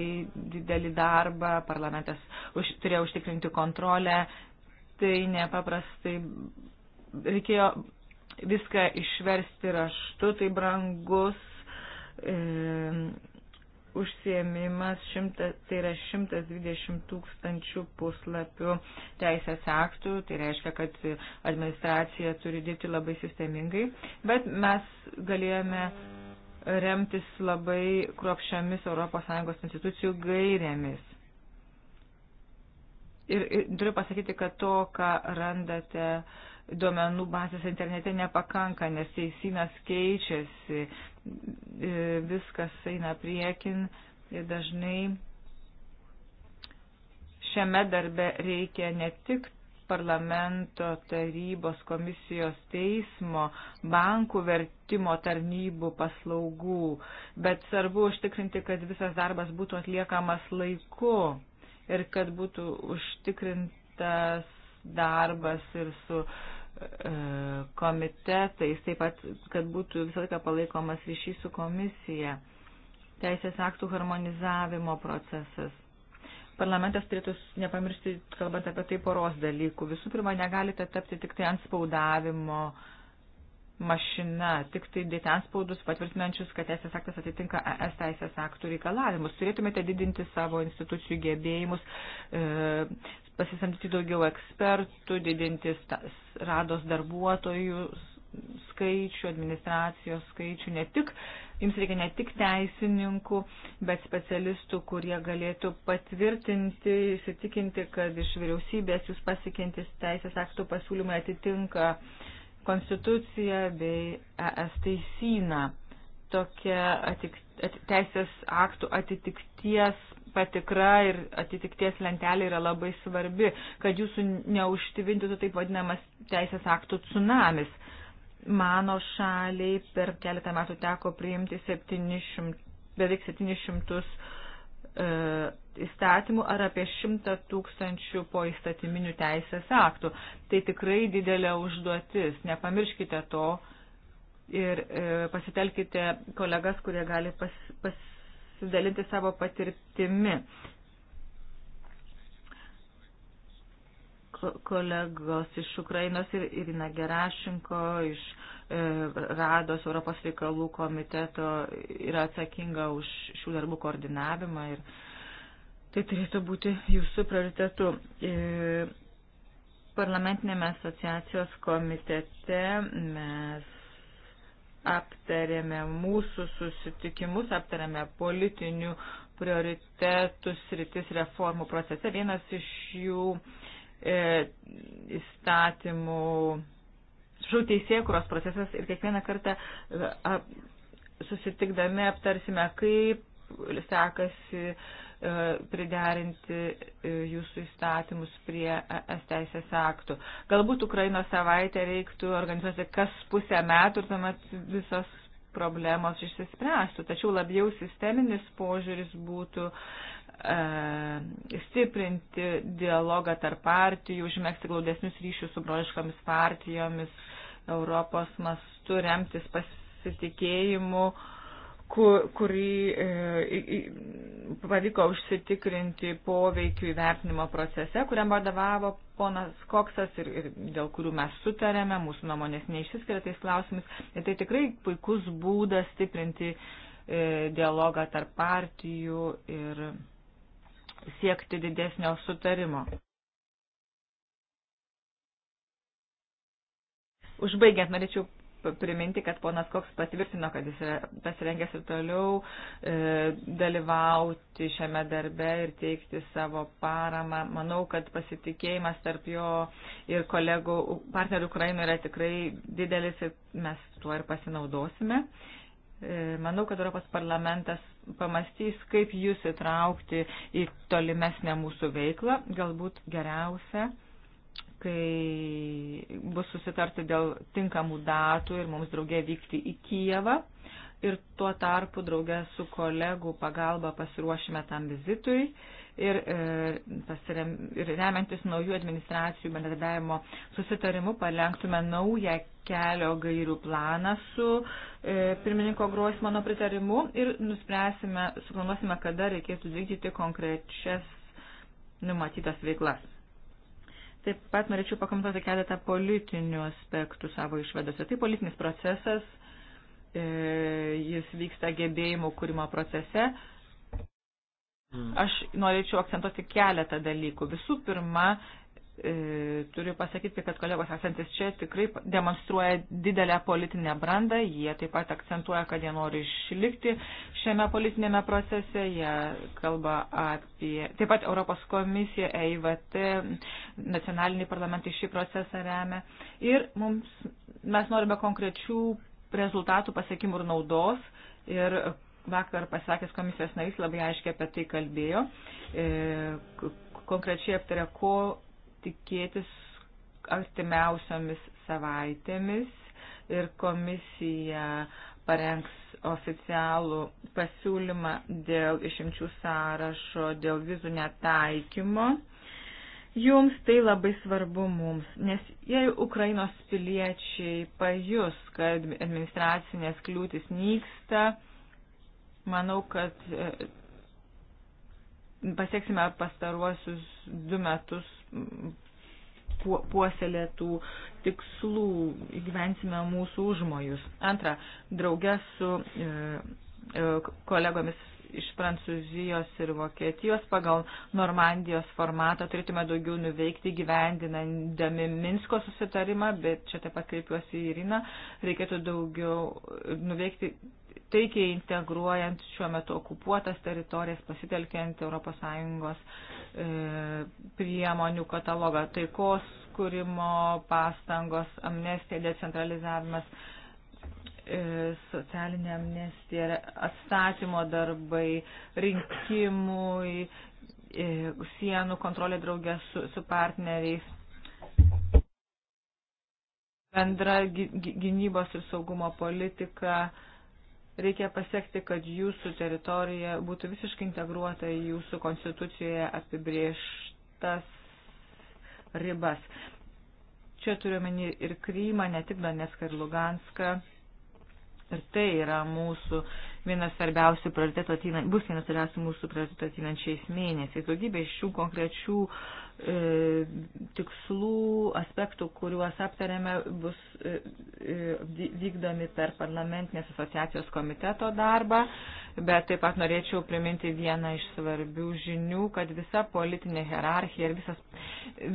Speaker 2: didelį darbą, parlamentas už, turėjo užtikrinti kontrolę. Tai nepaprastai reikėjo viską išversti raštu, tai brangus. E, užsiemimas, šimta, tai yra 120 tūkstančių puslapių teisės aktų, tai reiškia, kad administracija turi dirbti labai sistemingai, bet mes galėjome remtis labai kruopšiamis ES institucijų gairėmis. Ir, ir turiu pasakyti, kad to, ką randate duomenų bazės internete, nepakanka, nes teisinas keičiasi, E, viskas eina priekin ir dažnai šiame darbe reikia ne tik parlamento, tarybos, komisijos, teismo, bankų vertimo tarnybų paslaugų, bet svarbu užtikrinti, kad visas darbas būtų atliekamas laiku ir kad būtų užtikrintas darbas ir su uh, E, komitetais, taip pat, kad būtų visą laiką palaikomas ryšys su komisija, teisės aktų harmonizavimo procesas. Parlamentas turėtų nepamiršti, kalbant apie tai, poros dalykų. Visų pirma, negalite tapti tik tai ant spaudavimo mašina, tik tai dėti ant spaudus patvirtinančius, kad teisės aktas atitinka ES teisės aktų reikalavimus. Turėtumėte didinti savo institucijų gebėjimus, e, pasisamdyti daugiau ekspertų, didinti rados darbuotojų skaičių, administracijos skaičių, ne tik, jums reikia ne tik teisininkų, bet specialistų, kurie galėtų patvirtinti, įsitikinti, kad iš vyriausybės jūs pasikintis teisės aktų pasiūlymai atitinka konstituciją bei ES teisyną. Tokia atik, at, teisės aktų atitikties patikra ir atitikties lentelė yra labai svarbi, kad jūsų neužtvindytų taip vadinamas teisės aktų tsunamis. Mano šaliai per keletą metų teko priimti 700, beveik 700 e, įstatymų ar apie 100 tūkstančių po įstatyminių teisės aktų. Tai tikrai didelė užduotis, nepamirškite to ir e, pasitelkite kolegas, kurie gali pas, pas, pasidalinti savo patirtimi. kolegos iš Ukrainos ir Irina Gerašinko iš e, Rados Europos reikalų komiteto yra atsakinga už šių darbų koordinavimą ir tai turėtų būti jūsų prioritetu. E, parlamentinėme asociacijos komitete mes aptarėme mūsų susitikimus, aptarėme politinių prioritetų sritis reformų procese. Vienas iš jų e, įstatymų, žau teisėkuros procesas ir kiekvieną kartą e, ap, susitikdami aptarsime, kaip sekasi E, priderinti e, jūsų įstatymus prie es teisės aktų. Galbūt Ukrainos savaitę reiktų organizuoti kas pusę metų ir tuomet visos problemos išsispręstų, tačiau labiau sisteminis požiūris būtų e, stiprinti dialogą tarp partijų, užmėgsti glaudesnius ryšius su broliškomis partijomis, Europos mastu remtis pasitikėjimu, uh, kur, kurį e, pavyko užsitikrinti poveikių įvertinimo procese, kuriam vadovavo ponas Koksas ir, ir dėl kurių mes sutarėme, mūsų nuomonės neišsiskiria tais klausimais. Ir tai tikrai puikus būdas stiprinti e, dialogą tarp partijų ir siekti didesnio sutarimo. Užbaigiant, norėčiau priminti, kad ponas Koks patvirtino, kad jis yra pasirengęs ir toliau e, dalyvauti šiame darbe ir teikti savo paramą. Manau, kad pasitikėjimas tarp jo ir kolegų partnerių Ukrainoje yra tikrai didelis ir mes tuo ir pasinaudosime. E, manau, kad Europos parlamentas pamastys, kaip jūs įtraukti į tolimesnę mūsų veiklą, galbūt geriausia kai bus susitarti dėl tinkamų datų ir mums draugė vykti į Kijevą. Ir tuo tarpu draugė su kolegų pagalba pasiruošime tam vizitui ir, e, ir, ir remiantis naujų administracijų bendradarbiavimo susitarimu palengtume naują kelio gairių planą su e, pirmininko Groismano pritarimu ir nuspręsime, suplanuosime, kada reikėtų vykdyti konkrečias numatytas veiklas. Taip pat norėčiau pakomentuoti keletą politinių aspektų savo išvedose. Tai politinis procesas, e, jis vyksta gebėjimų kūrimo procese. Hmm. Aš norėčiau akcentuoti keletą dalykų. Visų pirma, E, turiu pasakyti, kad kolegos esantis čia tikrai demonstruoja didelę politinę brandą, jie taip pat akcentuoja, kad jie nori išlikti šiame politinėme procese, jie kalba apie, taip pat Europos komisija, EIVT, nacionaliniai parlamentai šį procesą remia ir mums, mes norime konkrečių rezultatų pasiekimų ir naudos ir vakar pasakęs komisijos narys labai aiškiai apie tai kalbėjo, e, konkrečiai aptarė, ko tikėtis artimiausiomis savaitėmis ir komisija parengs oficialų pasiūlymą dėl išimčių sąrašo, dėl vizų netaikymo. Jums tai labai svarbu mums, nes jei Ukrainos piliečiai pajus, kad administracinės kliūtis nyksta, manau, kad pasieksime pastaruosius du metus puoselėtų tikslų, įgyvensime mūsų užmojus. Antra, draugė su e, e, kolegomis iš Prancūzijos ir Vokietijos pagal Normandijos formatą turėtume daugiau nuveikti gyvendinandami Minsko susitarimą, bet čia taip pat kreipiuosi į Iriną, reikėtų daugiau nuveikti taikiai integruojant šiuo metu okupuotas teritorijas, pasitelkiant ES e, priemonių katalogą, taikos kūrimo pastangos, amnestija, decentralizavimas, e, socialinė amnestija, atstatymo darbai, rinkimui, e, sienų kontrolė draugė su, su partneriais bendra gynybos ir saugumo politika, e, reikia pasiekti, kad jūsų teritorija būtų visiškai integruota į jūsų konstitucijoje apibrieštas ribas. Čia turiuomenį ir Krymą, ne tik Donetską ir Luganską. Ir tai yra mūsų vienas svarbiausių prioritetų ateinančiais, bus vienas svarbiausių mūsų prioritetų ateinančiais mėnesiais. Daugybė šių konkrečių uh, E, tikslų, aspektų, kuriuos aptarėme, bus e, e, vykdomi per parlamentinės asociacijos komiteto darbą, bet taip pat norėčiau priminti vieną iš svarbių žinių, kad visa politinė hierarchija ir visas,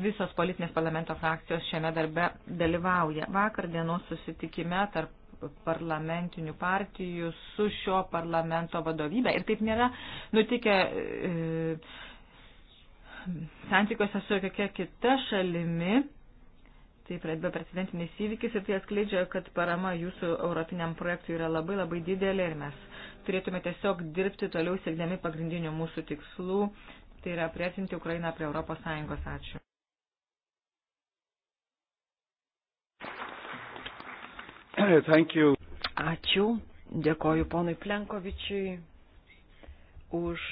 Speaker 2: visos politinės parlamento frakcijos šiame darbe dalyvauja. Vakar dienos susitikime tarp parlamentinių partijų su šio parlamento vadovybė. Ir taip nėra nutikę. E, santykiuose su kokia kita šalimi. Tai pradėjo precedentinis įvykis ir tai atskleidžia, kad parama jūsų europiniam projektui yra labai labai didelė ir mes turėtume tiesiog dirbti toliau siekdami pagrindinių mūsų tikslų, tai yra priesinti Ukrainą prie Europos Sąjungos. Ačiū.
Speaker 3: Thank you. Ačiū. Dėkoju ponui Plenkovičiui už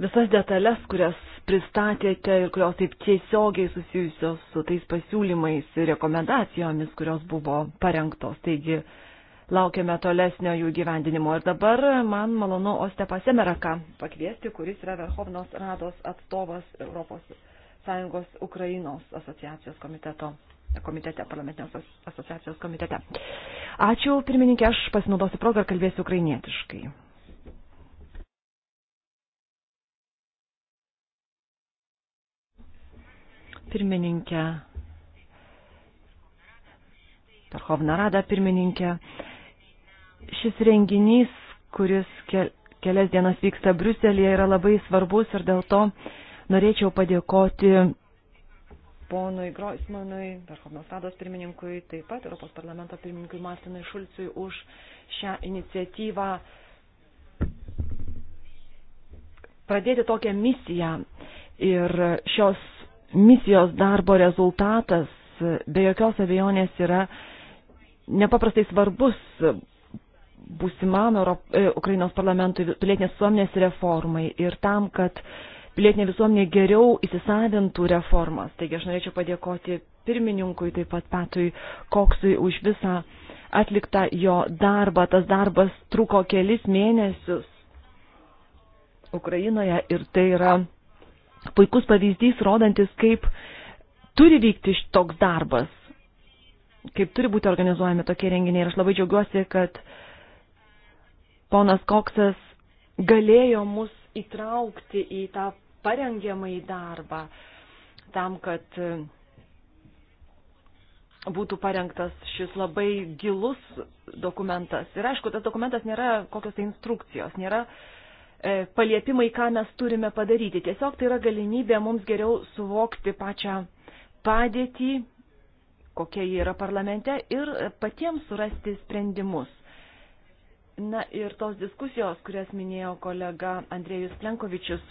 Speaker 3: visas detalės, kurias pristatėte ir kurios taip tiesiogiai susijusios su tais pasiūlymais ir rekomendacijomis, kurios buvo parengtos. Taigi laukiame tolesnio jų gyvendinimo. Ir dabar man malonu Ostepą Semeraką pakviesti, kuris yra Verhovnos Rados atstovas Europos Sąjungos Ukrainos asociacijos komiteto komitete, parlamentinės asociacijos komitete. Ačiū, pirmininkė, aš pasinaudosiu progą ir kalbėsiu ukrainietiškai. pirmininkė, Tarhovna Rada pirmininkė. Šis renginys, kuris kelias dienas vyksta Bruselėje, yra labai svarbus ir dėl to norėčiau padėkoti ponui Groismanui, Verhovnos Rados pirmininkui, taip pat Europos parlamento pirmininkui Martinui Šulciui už šią iniciatyvą pradėti tokią misiją ir šios misijos darbo rezultatas be jokios abejonės yra nepaprastai svarbus būsimam Europ... E, Ukrainos parlamentui pilietinės visuomenės reformai ir tam, kad pilietinė visuomenė geriau įsisavintų reformas. Taigi aš norėčiau padėkoti pirmininkui, taip pat Petui Koksui už visą atliktą jo darbą. Tas darbas truko kelis mėnesius Ukrainoje ir tai yra puikus pavyzdys, rodantis, kaip turi vykti toks darbas, kaip turi būti organizuojami tokie renginiai. Ir aš labai džiaugiuosi, kad ponas Koksas galėjo mus įtraukti į tą parengiamąjį darbą tam, kad e, būtų parengtas šis labai gilus dokumentas. Ir aišku, tas dokumentas nėra kokios tai instrukcijos, nėra uh, E, paliepimai, ką mes turime padaryti. Tiesiog tai yra galimybė mums geriau suvokti pačią padėtį, kokia ji yra parlamente ir patiems surasti sprendimus. Na ir tos diskusijos, kurias minėjo kolega Andrėjus Plenkovičius.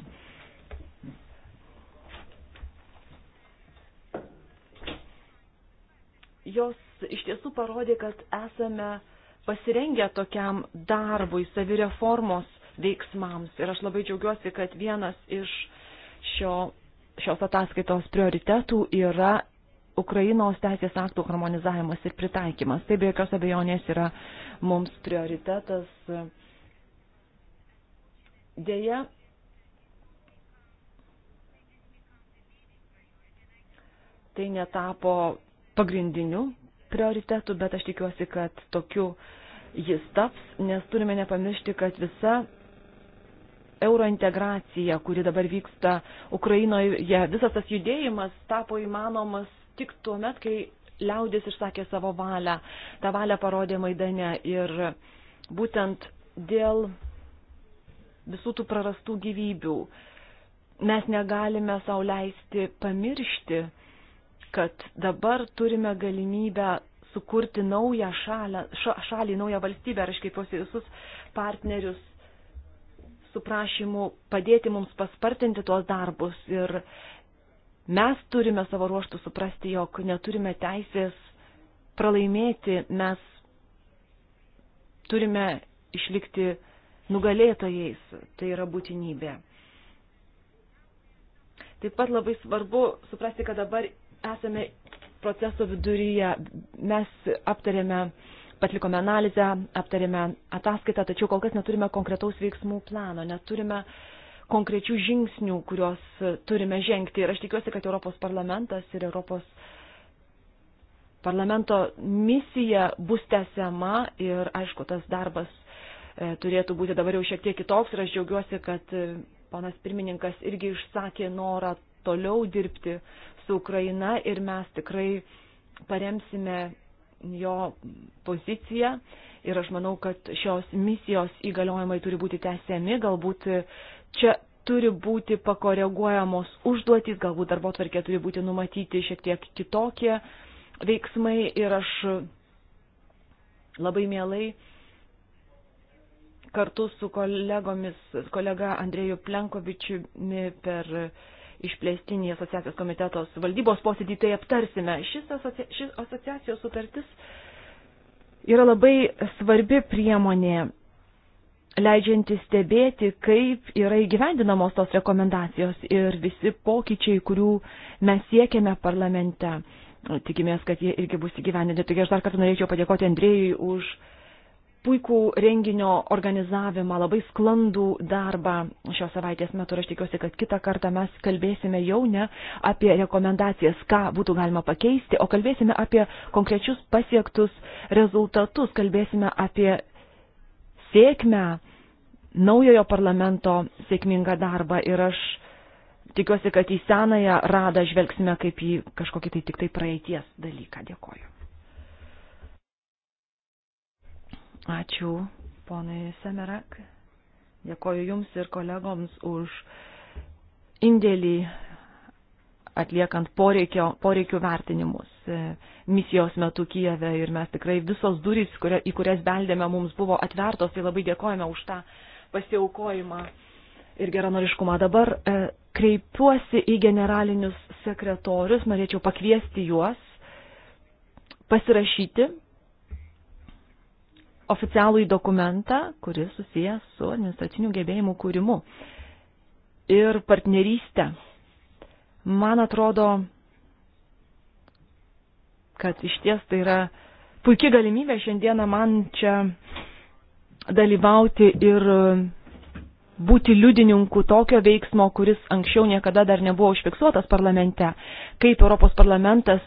Speaker 3: Jos iš tiesų parodė, kad esame pasirengę tokiam darbui, savireformos veiksmams. Ir aš labai džiaugiuosi, kad vienas iš šio, šios ataskaitos prioritetų yra Ukrainos teisės aktų harmonizavimas ir pritaikymas. Tai be jokios abejonės yra mums prioritetas. Deja, tai netapo pagrindiniu prioritetu, bet aš tikiuosi, kad tokiu jis taps, nes turime nepamiršti, kad visa euro integracija, kuri dabar vyksta Ukrainoje, visas tas judėjimas tapo įmanomas tik tuo met, kai liaudis išsakė savo valią. Ta valia parodė Maidane ir būtent dėl visų tų prarastų gyvybių mes negalime sau leisti pamiršti, kad dabar turime galimybę sukurti naują šalę, ša, šalį, naują valstybę. Ir aš kreipiuosi visus partnerius su prašymu padėti mums paspartinti tuos darbus ir mes turime savo ruoštų suprasti, jog neturime teisės pralaimėti, mes turime išlikti nugalėtojais, tai yra būtinybė. Taip pat labai svarbu suprasti, kad dabar esame proceso viduryje, mes aptarėme uh, patlikome analizę, aptarėme ataskaitą, tačiau kol kas neturime konkretaus veiksmų plano, neturime konkrečių žingsnių, kuriuos turime žengti. Ir aš tikiuosi, kad Europos parlamentas ir Europos parlamento misija bus tęsiama ir, aišku, tas darbas e, turėtų būti dabar jau šiek tiek kitoks ir aš džiaugiuosi, kad e, ponas pirmininkas irgi išsakė norą toliau dirbti su Ukraina ir mes tikrai paremsime jo poziciją ir aš manau, kad šios misijos įgaliojimai turi būti tęsiami, galbūt čia turi būti pakoreguojamos užduotys, galbūt darbo tvarkė turi būti numatyti šiek tiek kitokie veiksmai ir aš labai mielai kartu su kolegomis, kolega Andrėju Plenkovičiumi per išplėstinį asociacijos komitetos valdybos posėdį, tai aptarsime. Šis asocia, šis asociacijos sutartis yra labai svarbi priemonė, leidžianti stebėti, kaip yra įgyvendinamos tos rekomendacijos ir visi pokyčiai, kurių mes siekiame parlamente. Tikimės, kad jie irgi bus įgyvendinti. Taigi aš dar kartą norėčiau padėkoti Andrėjui už uh, puikų renginio organizavimą, labai sklandų darbą šios savaitės metu ir aš tikiuosi, kad kitą kartą mes kalbėsime jau ne apie rekomendacijas, ką būtų galima pakeisti, o kalbėsime apie konkrečius pasiektus rezultatus, kalbėsime apie sėkmę naujojo parlamento sėkmingą darbą ir aš tikiuosi, kad į senąją radą žvelgsime kaip į kažkokį tai tik tai praeities dalyką. Dėkoju. Ačiū, ponai Semerak. Dėkoju Jums ir kolegoms už indėlį atliekant poreikio, poreikių vertinimus e, misijos metu Kijeve ir mes tikrai visos durys, kuria, į kurias beldėme, mums buvo atvertos, tai labai dėkojame už tą pasiaukojimą ir geranoriškumą. Dabar e, kreipiuosi į generalinius sekretorius, norėčiau pakviesti juos pasirašyti oficialų į dokumentą, kuris susijęs su administracinių gebėjimų kūrimu ir partnerystę. Man atrodo, kad iš ties tai yra puikia galimybė šiandieną man čia dalyvauti ir būti liudininku tokio veiksmo, kuris anksčiau niekada dar nebuvo užfiksuotas parlamente, kaip Europos parlamentas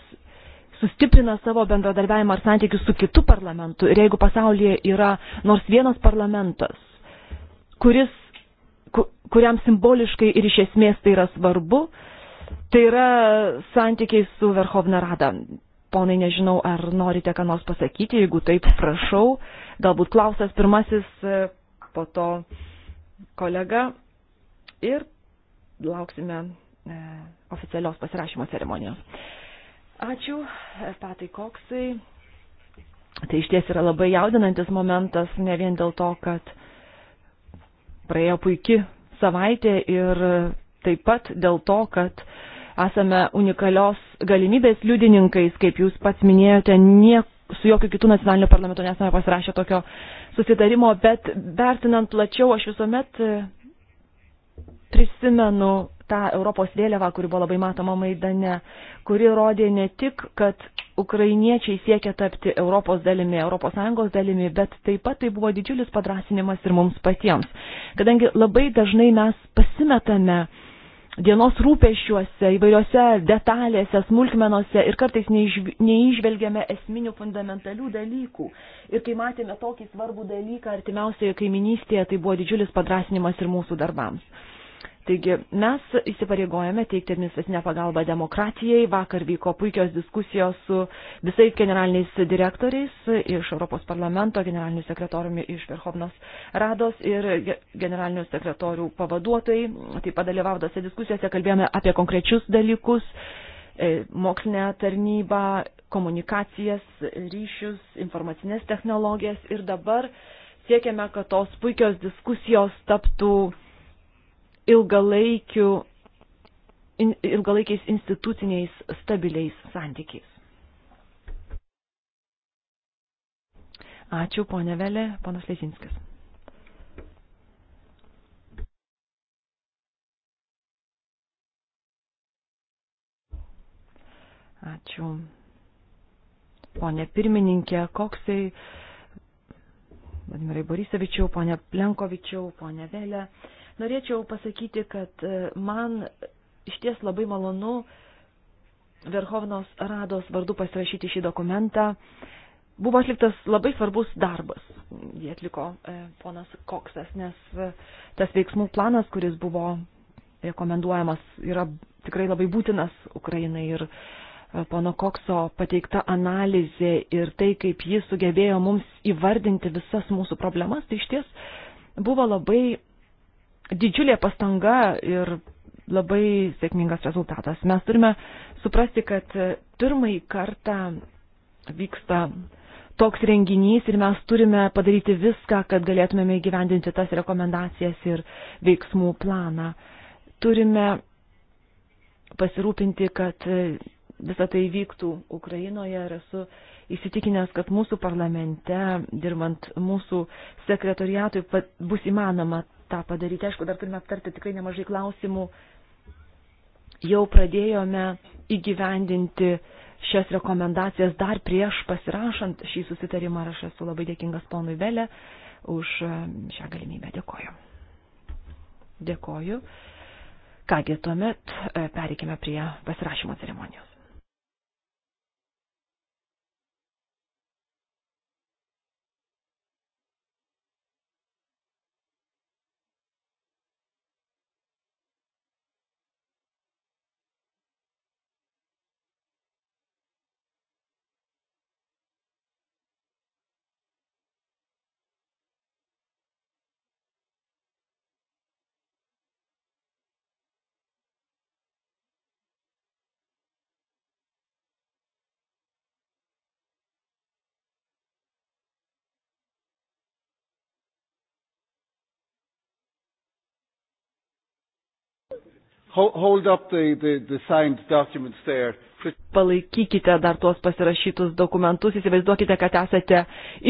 Speaker 3: sustiprina savo bendradarbiavimą ar santykius su kitu parlamentu. Ir jeigu pasaulyje yra nors vienas parlamentas, kuris, ku, kuriam simboliškai ir iš esmės tai yra svarbu, tai yra santykiai su Verhovna Rada. Ponai, nežinau, ar norite ką nors pasakyti, jeigu taip, prašau. Galbūt klausas pirmasis, po to kolega. Ir lauksime e, oficialios pasirašymo ceremonijos. Ačiū, Patai Koksai. Tai iš ties yra labai jaudinantis momentas, ne vien dėl to, kad praėjo puikia savaitė ir taip pat dėl to, kad esame unikalios galimybės liudininkais, kaip jūs pats minėjote, niek, su jokių kitų nacionalinių parlamentų nesame pasirašę tokio susitarimo, bet vertinant plačiau, aš visuomet prisimenu tą Europos vėliavą, kuri buvo labai matoma Maidane, kuri rodė ne tik, kad ukrainiečiai siekia tapti Europos dalimi, ES dalimi, bet taip pat tai buvo didžiulis padrasinimas ir mums patiems. Kadangi labai dažnai mes pasimetame dienos rūpešiuose, įvairiuose detalėse, smulkmenose ir kartais neižvelgiame esminių fundamentalių dalykų. Ir kai matėme tokį svarbų dalyką artimiausioje kaiminystėje, tai buvo didžiulis padrasinimas ir mūsų darbams. Taigi mes įsipareigojame teikti administracinę pagalbą demokratijai. Vakar vyko puikios diskusijos su visais generaliniais direktoriais iš Europos parlamento, generaliniu sekretoriumi iš Verhovnos Rados ir generalinių sekretorių pavaduotojai. Taip pat dalyvaudose diskusijose kalbėjome apie konkrečius dalykus e, mokslinę tarnybą, komunikacijas, ryšius, informacinės technologijas ir dabar siekiame, kad tos puikios diskusijos taptų ilgalaikiu, in, ilgalaikiais instituciniais stabiliais santykiais. Ačiū, ponė Velė, ponas Lezinskas. Ačiū. Pone pirmininkė, koksai, Vladimirai Borisevičiau, pone Plenkovičiau, pone Velė. Uh, Norėčiau pasakyti, kad e, man iš ties labai malonu Verhovnos Rados vardu pasirašyti šį dokumentą. Buvo atliktas labai svarbus darbas, jį atliko e, ponas Koksas, nes e, tas veiksmų planas, kuris buvo rekomenduojamas, yra tikrai labai būtinas Ukrainai ir e, pono Kokso pateikta analizė ir tai, kaip jis sugebėjo mums įvardinti visas mūsų problemas, tai iš ties buvo labai didžiulė pastanga ir labai sėkmingas rezultatas. Mes turime suprasti, kad pirmąjį kartą vyksta toks renginys ir mes turime padaryti viską, kad galėtumėme įgyvendinti tas rekomendacijas ir veiksmų planą. Turime pasirūpinti, kad visą tai vyktų Ukrainoje ir esu įsitikinęs, kad mūsų parlamente, dirbant mūsų sekretoriatui, bus įmanoma tą padaryti. Aišku, dar turime aptarti tikrai nemažai klausimų. Jau pradėjome įgyvendinti šias rekomendacijas dar prieš pasirašant šį susitarimą ir aš esu labai dėkingas ponui Velė už e, šią galimybę. Dėkoju. Dėkoju. Kągi, tuomet e, pereikime prie pasirašymo ceremonijos.
Speaker 1: Hold up the, the, the signed documents there.
Speaker 3: Palaikykite dar tuos pasirašytus dokumentus, įsivaizduokite, kad esate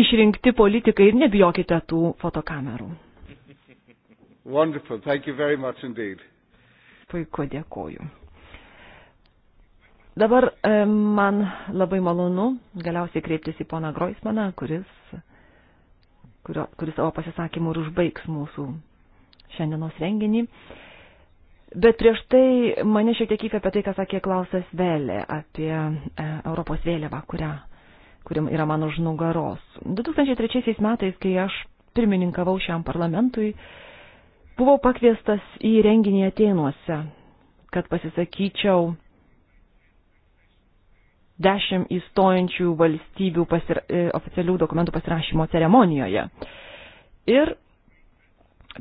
Speaker 3: išrinkti politikai ir nebijokite tų fotokamerų.
Speaker 1: Wonderful, thank you very much indeed.
Speaker 3: Puiku, dėkoju. Dabar e, man labai malonu galiausiai kreiptis į poną Groismaną, kuris, kurio, kuris savo pasisakymų ir užbaigs mūsų šiandienos renginį. Uh, Bet prieš tai mane šiek tiek įkvėpė tai, ką sakė Klausas Velė apie e, Europos vėliavą, kurią, kuriam yra man už nugaros. 2003 metais, kai aš pirmininkavau šiam parlamentui, buvau pakviestas į renginį Atenuose, kad pasisakyčiau dešimt įstojančių valstybių pasira e, oficialių dokumentų pasirašymo ceremonijoje. Ir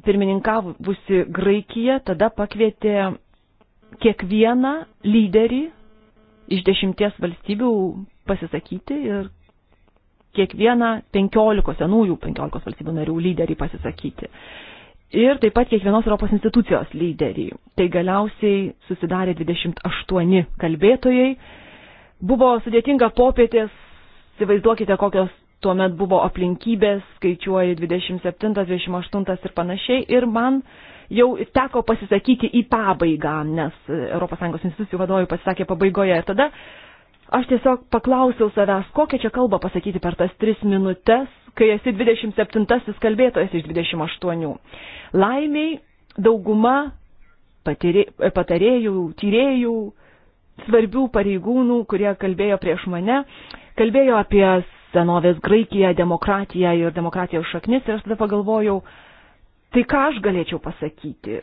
Speaker 3: pirmininkavusi Graikija tada pakvietė kiekvieną lyderį iš dešimties valstybių pasisakyti ir kiekvieną penkiolikos senųjų penkiolikos valstybių narių lyderį pasisakyti. Ir taip pat kiekvienos Europos institucijos lyderį. Tai galiausiai susidarė 28 kalbėtojai. Buvo sudėtinga popietės, įsivaizduokite, kokios tuomet buvo aplinkybės, skaičiuoji 27, 28 ir panašiai. Ir man jau teko pasisakyti į pabaigą, nes ES institucijų vadovai pasisakė pabaigoje. Ir tada aš tiesiog paklausiau savęs, kokią čia kalbą pasakyti per tas tris minutės, kai esi 27 kalbėtojas iš 28. Laimiai dauguma patyrė, patarėjų, tyrėjų, svarbių pareigūnų, kurie kalbėjo prieš mane, kalbėjo apie senovės Graikiją, demokratiją ir demokratijos šaknis. Ir aš tada pagalvojau, tai ką aš galėčiau pasakyti?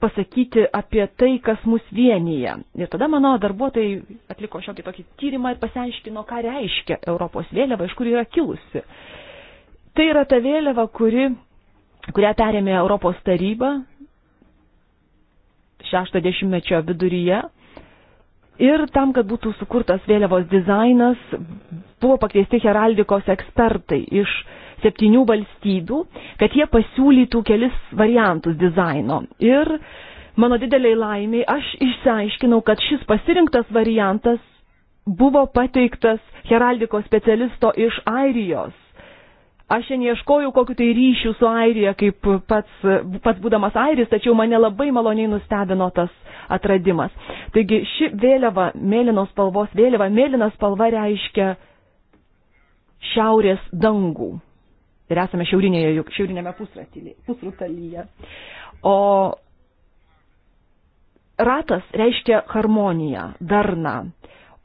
Speaker 3: Pasakyti apie tai, kas mus vienyje. Ir tada mano darbuotojai atliko šiokį tokį tyrimą ir pasiaiškino, ką reiškia Europos vėliava, iš kur yra kilusi. Tai yra ta vėliava, kuri, kurią perėmė Europos taryba 60-mečio viduryje Ir tam, kad būtų sukurtas vėliavos dizainas, buvo pakviesti heraldikos ekspertai iš septynių valstybių, kad jie pasiūlytų kelis variantus dizaino. Ir mano dideliai laimiai aš išsiaiškinau, kad šis pasirinktas variantas buvo pateiktas heraldikos specialisto iš Airijos Aš čia neieškojau kokiu tai ryšių su Airija, kaip pats, pats būdamas Airis, tačiau mane labai maloniai nustebino tas atradimas. Taigi ši vėliava, mėlynos spalvos vėliava, mėlyna spalva reiškia šiaurės dangų. Ir esame šiaurinėje, juk šiaurinėme pusrutalyje. O ratas reiškia harmoniją, darną.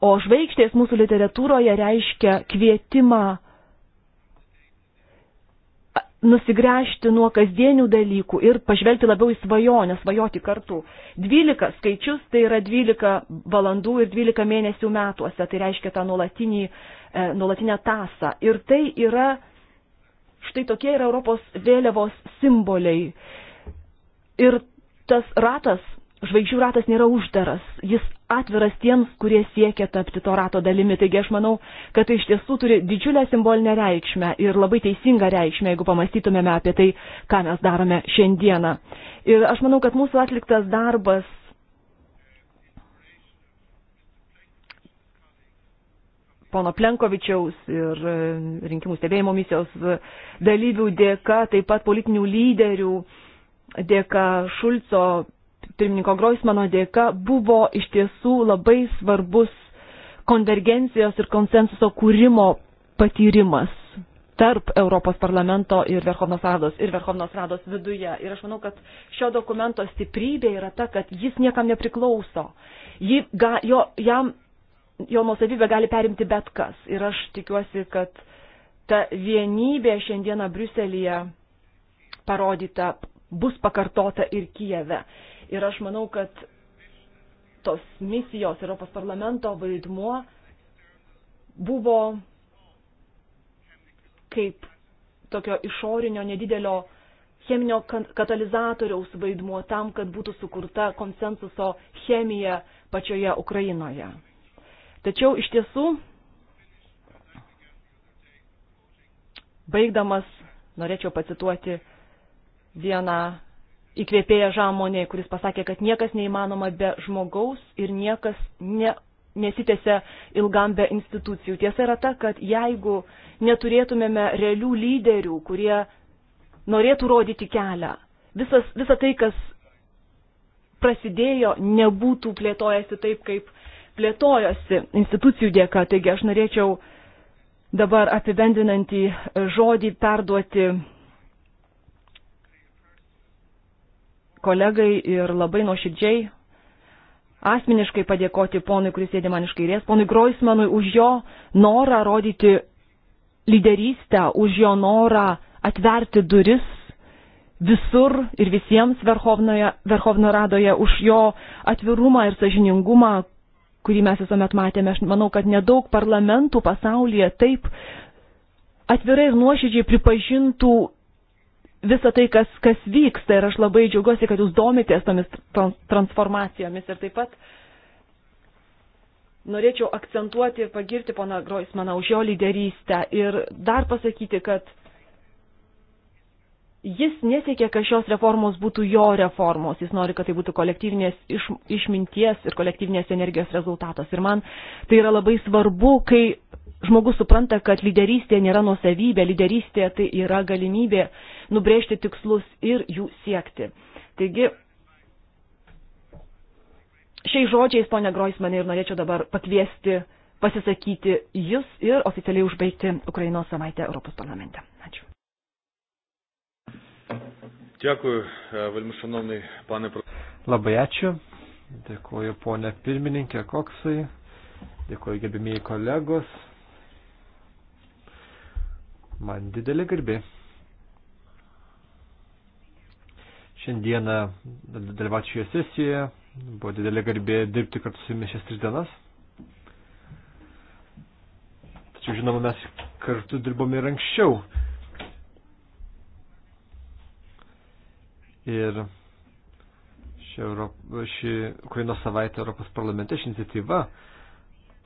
Speaker 3: O žvaigždės mūsų literatūroje reiškia kvietimą nusigręžti nuo kasdienių dalykų ir pažvelgti labiau į svajonę, svajoti kartu. 12 skaičius tai yra 12 valandų ir 12 mėnesių metuose, tai reiškia tą nuolatinį, e, nuolatinę tasą. Ir tai yra, štai tokie yra Europos vėliavos simboliai. Ir tas ratas žvaigždžių ratas nėra uždaras, jis atviras tiems, kurie siekia tapti to rato dalimi. Taigi aš manau, kad tai iš tiesų turi didžiulę simbolinę reikšmę ir labai teisingą reikšmę, jeigu pamastytumėme apie tai, ką mes darome šiandieną. Ir aš manau, kad mūsų atliktas darbas pono Plenkovičiaus ir e, rinkimų stebėjimo misijos dalyvių dėka, taip pat politinių lyderių dėka Šulco pirmininko Groismano dėka buvo iš tiesų labai svarbus konvergencijos ir konsensuso kūrimo patyrimas tarp Europos parlamento ir Verhovnos Rados ir Verhovnos Rados viduje. Ir aš manau, kad šio dokumento stiprybė yra ta, kad jis niekam nepriklauso. Ji, ga, jo, jam, jo nusavybę gali perimti bet kas. Ir aš tikiuosi, kad ta vienybė šiandieną Briuselėje parodyta bus pakartota ir Kijeve. Ir aš manau, kad tos misijos Europos parlamento vaidmuo buvo kaip tokio išorinio nedidelio cheminio katalizatoriaus vaidmuo tam, kad būtų sukurta konsensuso chemija pačioje Ukrainoje. Tačiau iš tiesų, baigdamas, norėčiau pacituoti vieną įkvėpėja Žamonė, kuris pasakė, kad niekas neįmanoma be žmogaus ir niekas ne, nesitėse ilgam be institucijų. Tiesa yra ta, kad jeigu neturėtumėme realių lyderių, kurie norėtų rodyti kelią, visas, visa tai, kas prasidėjo, nebūtų plėtojasi taip, kaip plėtojosi institucijų dėka. Taigi aš norėčiau dabar apibendinantį žodį perduoti kolegai ir labai nuoširdžiai asmeniškai padėkoti ponui, kuris sėdė man iš kairės, ponui Groismanui už jo norą rodyti lyderystę, už jo norą atverti duris visur ir visiems Verhovno radoje, už jo atvirumą ir sažiningumą, kurį mes visuomet matėme. Aš manau, kad nedaug parlamentų pasaulyje taip atvirai ir nuoširdžiai pripažintų visą tai, kas, kas vyksta ir aš labai džiaugiuosi, kad jūs domitės tomis transformacijomis ir taip pat norėčiau akcentuoti ir pagirti poną Groismaną už jo lyderystę ir dar pasakyti, kad jis nesiekė, kad šios reformos būtų jo reformos, jis nori, kad tai būtų kolektyvinės iš, išminties ir kolektyvinės energijos rezultatas. Ir man tai yra labai svarbu, kai žmogus supranta, kad lyderystė nėra nuosavybė, lyderystė tai yra galimybė nubrėžti tikslus ir jų siekti. Taigi, šiais žodžiais, ponia Grois, mane ir norėčiau dabar pakviesti pasisakyti jūs ir oficialiai užbaigti Ukrainos savaitę Europos parlamente. Ačiū.
Speaker 1: Dėkui, e, Valmi Šanonai, pane. Labai ačiū. Dėkuoju, ponė pirmininkė Koksai. Dėkuoju, gerbimieji kolegos. Man didelė garbė. Šiandieną dalyvauti šioje sesijoje. Buvo didelė garbė dirbti kartu su jumis šias tris dienas. Tačiau, žinoma, mes kartu dirbome ir anksčiau. Ir ši, Europ... ši Ukrainos savaitė Europos parlamente, ši iniciatyva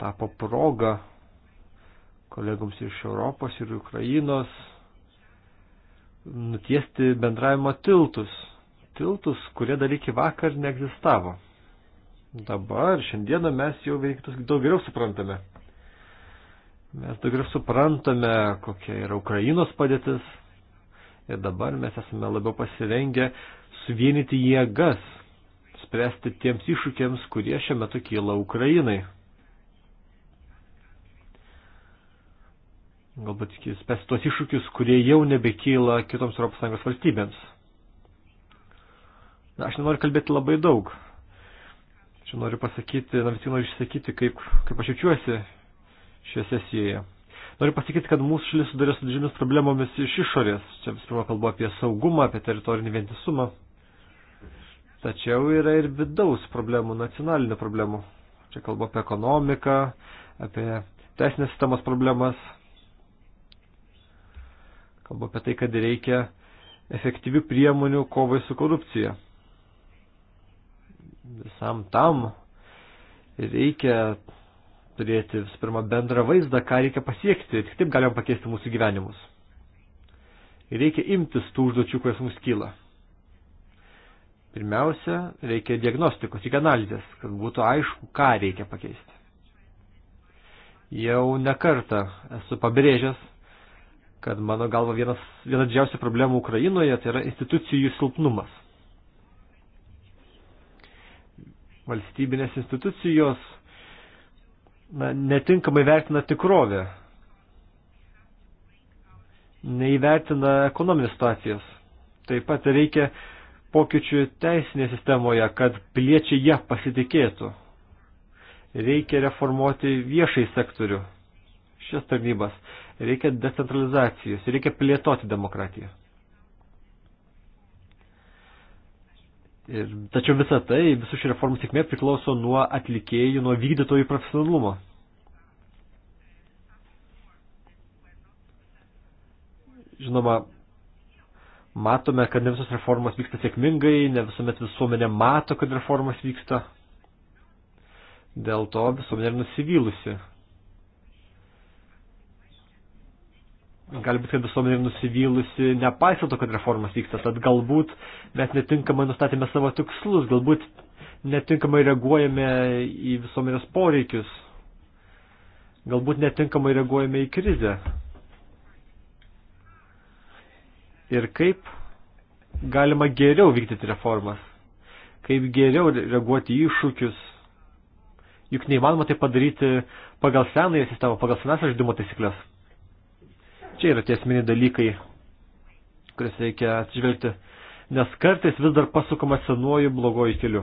Speaker 1: tapo proga kolegoms iš Europos ir Ukrainos nutiesti bendravimo tiltus. Tiltus, kurie dar iki vakar neegzistavo. Dabar, šiandieną mes jau veiktus daug geriau suprantame. Mes daug geriau suprantame, kokia yra Ukrainos padėtis. Ir dabar mes esame labiau pasirengę suvienyti jėgas, spręsti tiems iššūkiams, kurie šiuo metu kyla Ukrainai. galbūt spės tuos iššūkius, kurie jau nebekyla kitoms ES valstybėms. Na, aš nenoriu kalbėti labai daug. Čia noriu pasakyti, na vis tik noriu išsakyti, kaip, kaip aš jaučiuosi šioje sesijoje. Noriu pasakyti, kad mūsų šalis sudarė su didžiulėmis problemomis iš išorės. Čia vis pirma kalbu apie saugumą, apie teritorinį vientisumą. Tačiau yra ir vidaus problemų, nacionalinių problemų. Čia kalbu apie ekonomiką, apie teisinės sistemos problemas, kalba apie tai, kad reikia efektyvių priemonių kovai su korupcija. Visam tam reikia turėti visų pirma bendrą vaizdą, ką reikia pasiekti, tik taip galim pakeisti mūsų gyvenimus. Ir reikia imtis tų užduočių, kurias mums kyla. Pirmiausia, reikia diagnostikos, reikia analizės, kad būtų aišku, ką reikia pakeisti. Jau nekartą esu pabrėžęs, kad mano galva vienas, viena didžiausia problema Ukrainoje tai yra institucijų silpnumas. Valstybinės institucijos na, netinkamai vertina tikrovę, neįvertina ekonominės situacijos. Taip pat reikia pokyčių teisinėje sistemoje, kad piliečiai ją pasitikėtų. Reikia reformuoti viešai sektorių, šias tarnybas reikia decentralizacijos, reikia plėtoti demokratiją. Ir, tačiau visa tai, visų šių reformų sėkmė priklauso nuo atlikėjų, nuo vykdytojų profesionalumo. Žinoma, matome, kad ne visos reformos vyksta sėkmingai, ne visuomet visuomenė mato, kad reformos vyksta. Dėl to visuomenė nusivylusi. Galbūt, kad visuomenė nusivylusi, nepaiso to, kad reformas vyksta, tad galbūt mes netinkamai nustatėme savo tikslus, galbūt netinkamai reaguojame į visuomenės poreikius, galbūt netinkamai reaguojame į krizę. Ir kaip galima geriau vykdyti reformas, kaip geriau reaguoti į iššūkius. Juk neįmanoma tai padaryti pagal senąją sistemą, pagal senas žaidimo taisyklės. Čia yra tiesminiai dalykai, kuris reikia atsižvelgti, nes kartais vis dar pasukama senuoju blogoju keliu.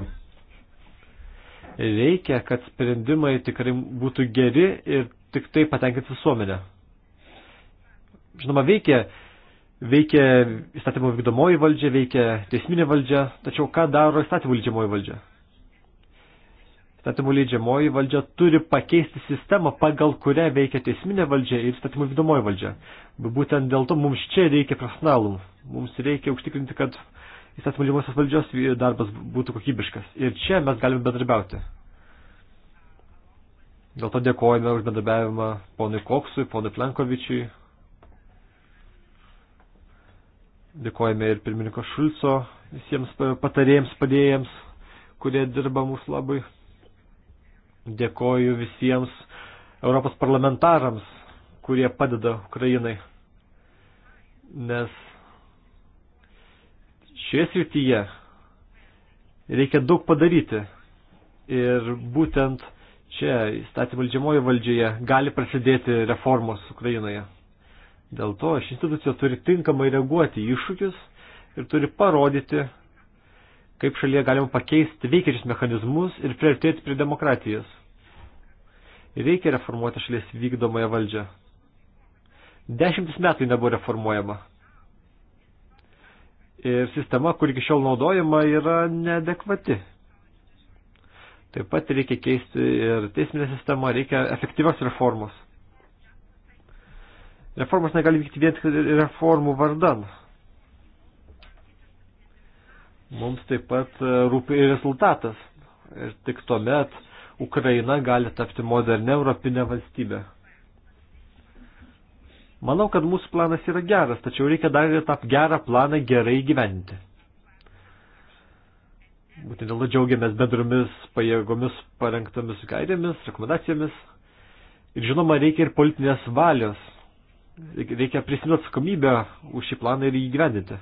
Speaker 1: Reikia, kad sprendimai tikrai būtų geri ir tik tai patenkinti visuomenę. Žinoma, veikia, veikia įstatymų vykdomoji valdžia, veikia teisminė valdžia, tačiau ką daro įstatymų vykdomoji valdžia? statymų leidžiamoji valdžia turi pakeisti sistemą, pagal kurią veikia teisminė valdžia ir statymų vykdomoji valdžia. Būtent dėl to mums čia reikia profesionalų. Mums reikia užtikrinti, kad įstatymų leidžiamosios valdžios darbas būtų kokybiškas. Ir čia mes galime bendarbiauti. Dėl to dėkojame už bendarbiavimą ponui Koksui, ponui Plenkovičiui. Dėkojame ir pirmininko Šulco visiems patarėjams, padėjėjams, kurie dirba mūsų labai. Dėkoju visiems Europos parlamentarams, kurie padeda Ukrainai. Nes šioje srityje reikia daug padaryti. Ir būtent čia įstatymų valdžiamojo valdžioje gali prasidėti reformos Ukrainoje. Dėl to ši institucija turi tinkamai reaguoti į iššūkius ir turi parodyti, kaip šalyje galima pakeisti veikiančius mechanizmus ir priartėti prie demokratijos. Reikia reformuoti šalies vykdomąją valdžią. Dešimtis metų nebuvo reformuojama. Ir sistema, kur iki šiol naudojama, yra neadekvati. Taip pat reikia keisti ir teisminę sistemą, reikia efektyvios reformos. Reformos negali vykti vien tik reformų vardan. Mums taip pat e, rūpi ir rezultatas. Ir tik tuomet Ukraina gali tapti modernę europinę valstybę. Manau, kad mūsų planas yra geras, tačiau reikia dar ir tą gerą planą gerai gyventi. Būtent dėl to džiaugiamės bendromis pajėgomis parengtomis gairėmis, rekomendacijomis. Ir žinoma, reikia ir politinės valios. Reikia prisimti atsakomybę už šį planą ir jį gyvendinti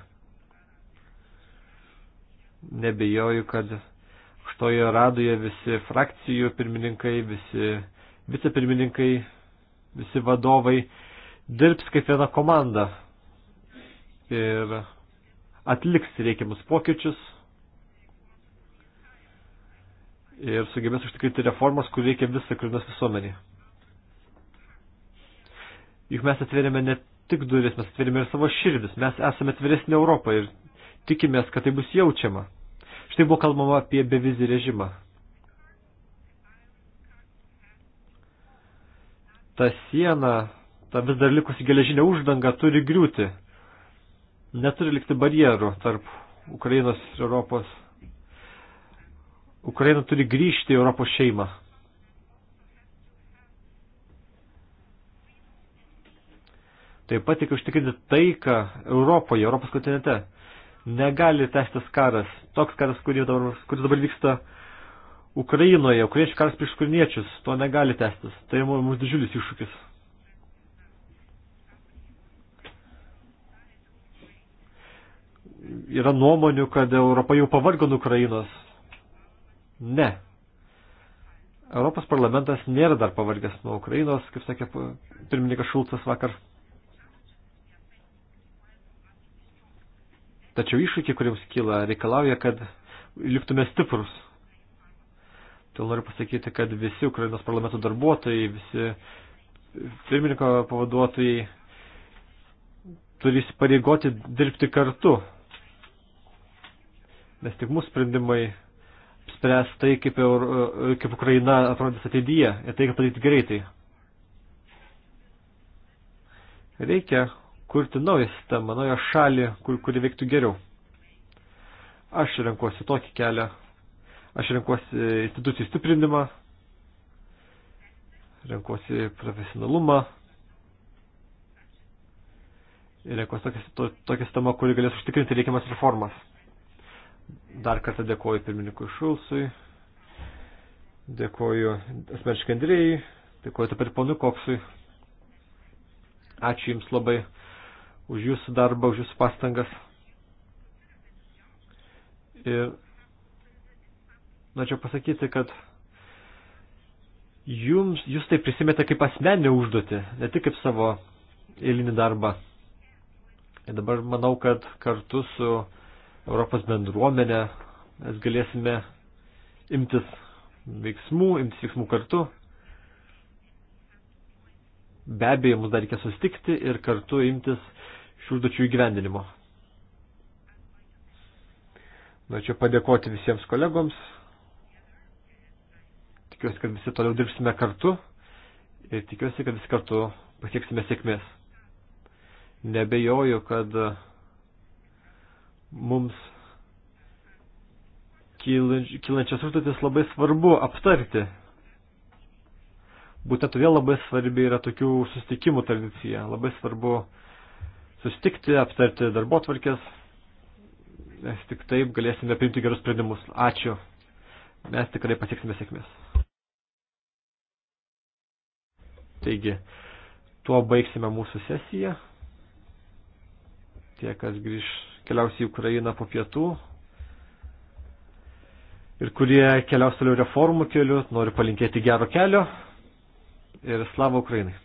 Speaker 1: nebejoju, kad štoje radoje visi frakcijų pirmininkai, visi vicepirmininkai, visi vadovai dirbs kaip viena komanda ir atliks reikiamus pokyčius ir sugebės užtikrinti reformas, kur reikia visą krinas visuomenį. Juk mes atvėrėme ne tik duris, mes atvėrėme ir savo širdis, mes esame atviresni Europą ir tikimės, kad tai bus jaučiama. Štai buvo kalbama apie bevizį režimą. Ta siena, ta vis dar likusi geležinė uždanga turi griūti. Neturi likti barjerų tarp Ukrainos ir Europos. Ukraina turi grįžti į Europos šeimą. Taip pat tik užtikrinti taiką Europoje, Europos kontinente. Negali tęstis karas. Toks karas, kuris dabar, kuris dabar vyksta Ukrainoje, ukrainiečių karas prieš ukrainiečius, to negali tęstis. Tai mums didžiulis iššūkis. Yra nuomonių, kad Europa jau pavargo nuo Ukrainos. Ne. Europos parlamentas nėra dar pavargęs nuo Ukrainos, kaip sakė pirmininkas Šulcas vakar. Tačiau iššūkiai, kuriems kyla, reikalauja, kad liktume stiprus. Tai noriu pasakyti, kad visi Ukrainos parlamento darbuotojai, visi pirmininko pavaduotojai turi įsipareigoti dirbti kartu. Nes tik mūsų sprendimai spręs tai, kaip, Euro, kaip Ukraina atrodys ateityje ir tai, kaip padaryti greitai. Reikia kurti naują sistemą, naują šalį, kur, kuri veiktų geriau. Aš renkuosi tokį kelią, aš renkuosi institucijų stiprinimą, renkuosi profesionalumą, ir renkuosi tokią, tokią sistemą, kuri galės užtikrinti reikiamas reformas. Dar kartą dėkoju pirmininkui Šulsui, dėkoju asmeniškai Andrėjai, dėkoju taip pat ponui Koksui. Ačiū Jums labai už jūsų darbą, už jūsų pastangas. Ir norėčiau pasakyti, kad jums, jūs tai prisimėte kaip asmeninę užduotį, ne tik kaip savo eilinį darbą. Ir dabar manau, kad kartu su Europos bendruomenė mes galėsime imtis veiksmų, imtis veiksmų kartu. Be abejo, mums dar reikia sustikti ir kartu imtis šių užduočių įgyvendinimo. Norėčiau padėkoti visiems kolegoms. Tikiuosi, kad visi toliau dirbsime kartu ir tikiuosi, kad visi kartu pasieksime sėkmės. Nebejoju, kad mums kylančias užduotis labai svarbu aptarti. Būtent todėl labai svarbi yra tokių susitikimų tradicija. Labai svarbu sustikti, aptarti darbo tvarkės, nes tik taip galėsime priimti gerus sprendimus. Ačiū. Mes tikrai pasieksime sėkmės. Taigi, tuo baigsime mūsų sesiją. Tie, kas grįž keliausiai į Ukrainą po pietų, ir kurie keliaus toliau reformų keliu, noriu palinkėti gero kelio ir slavą Ukrainai.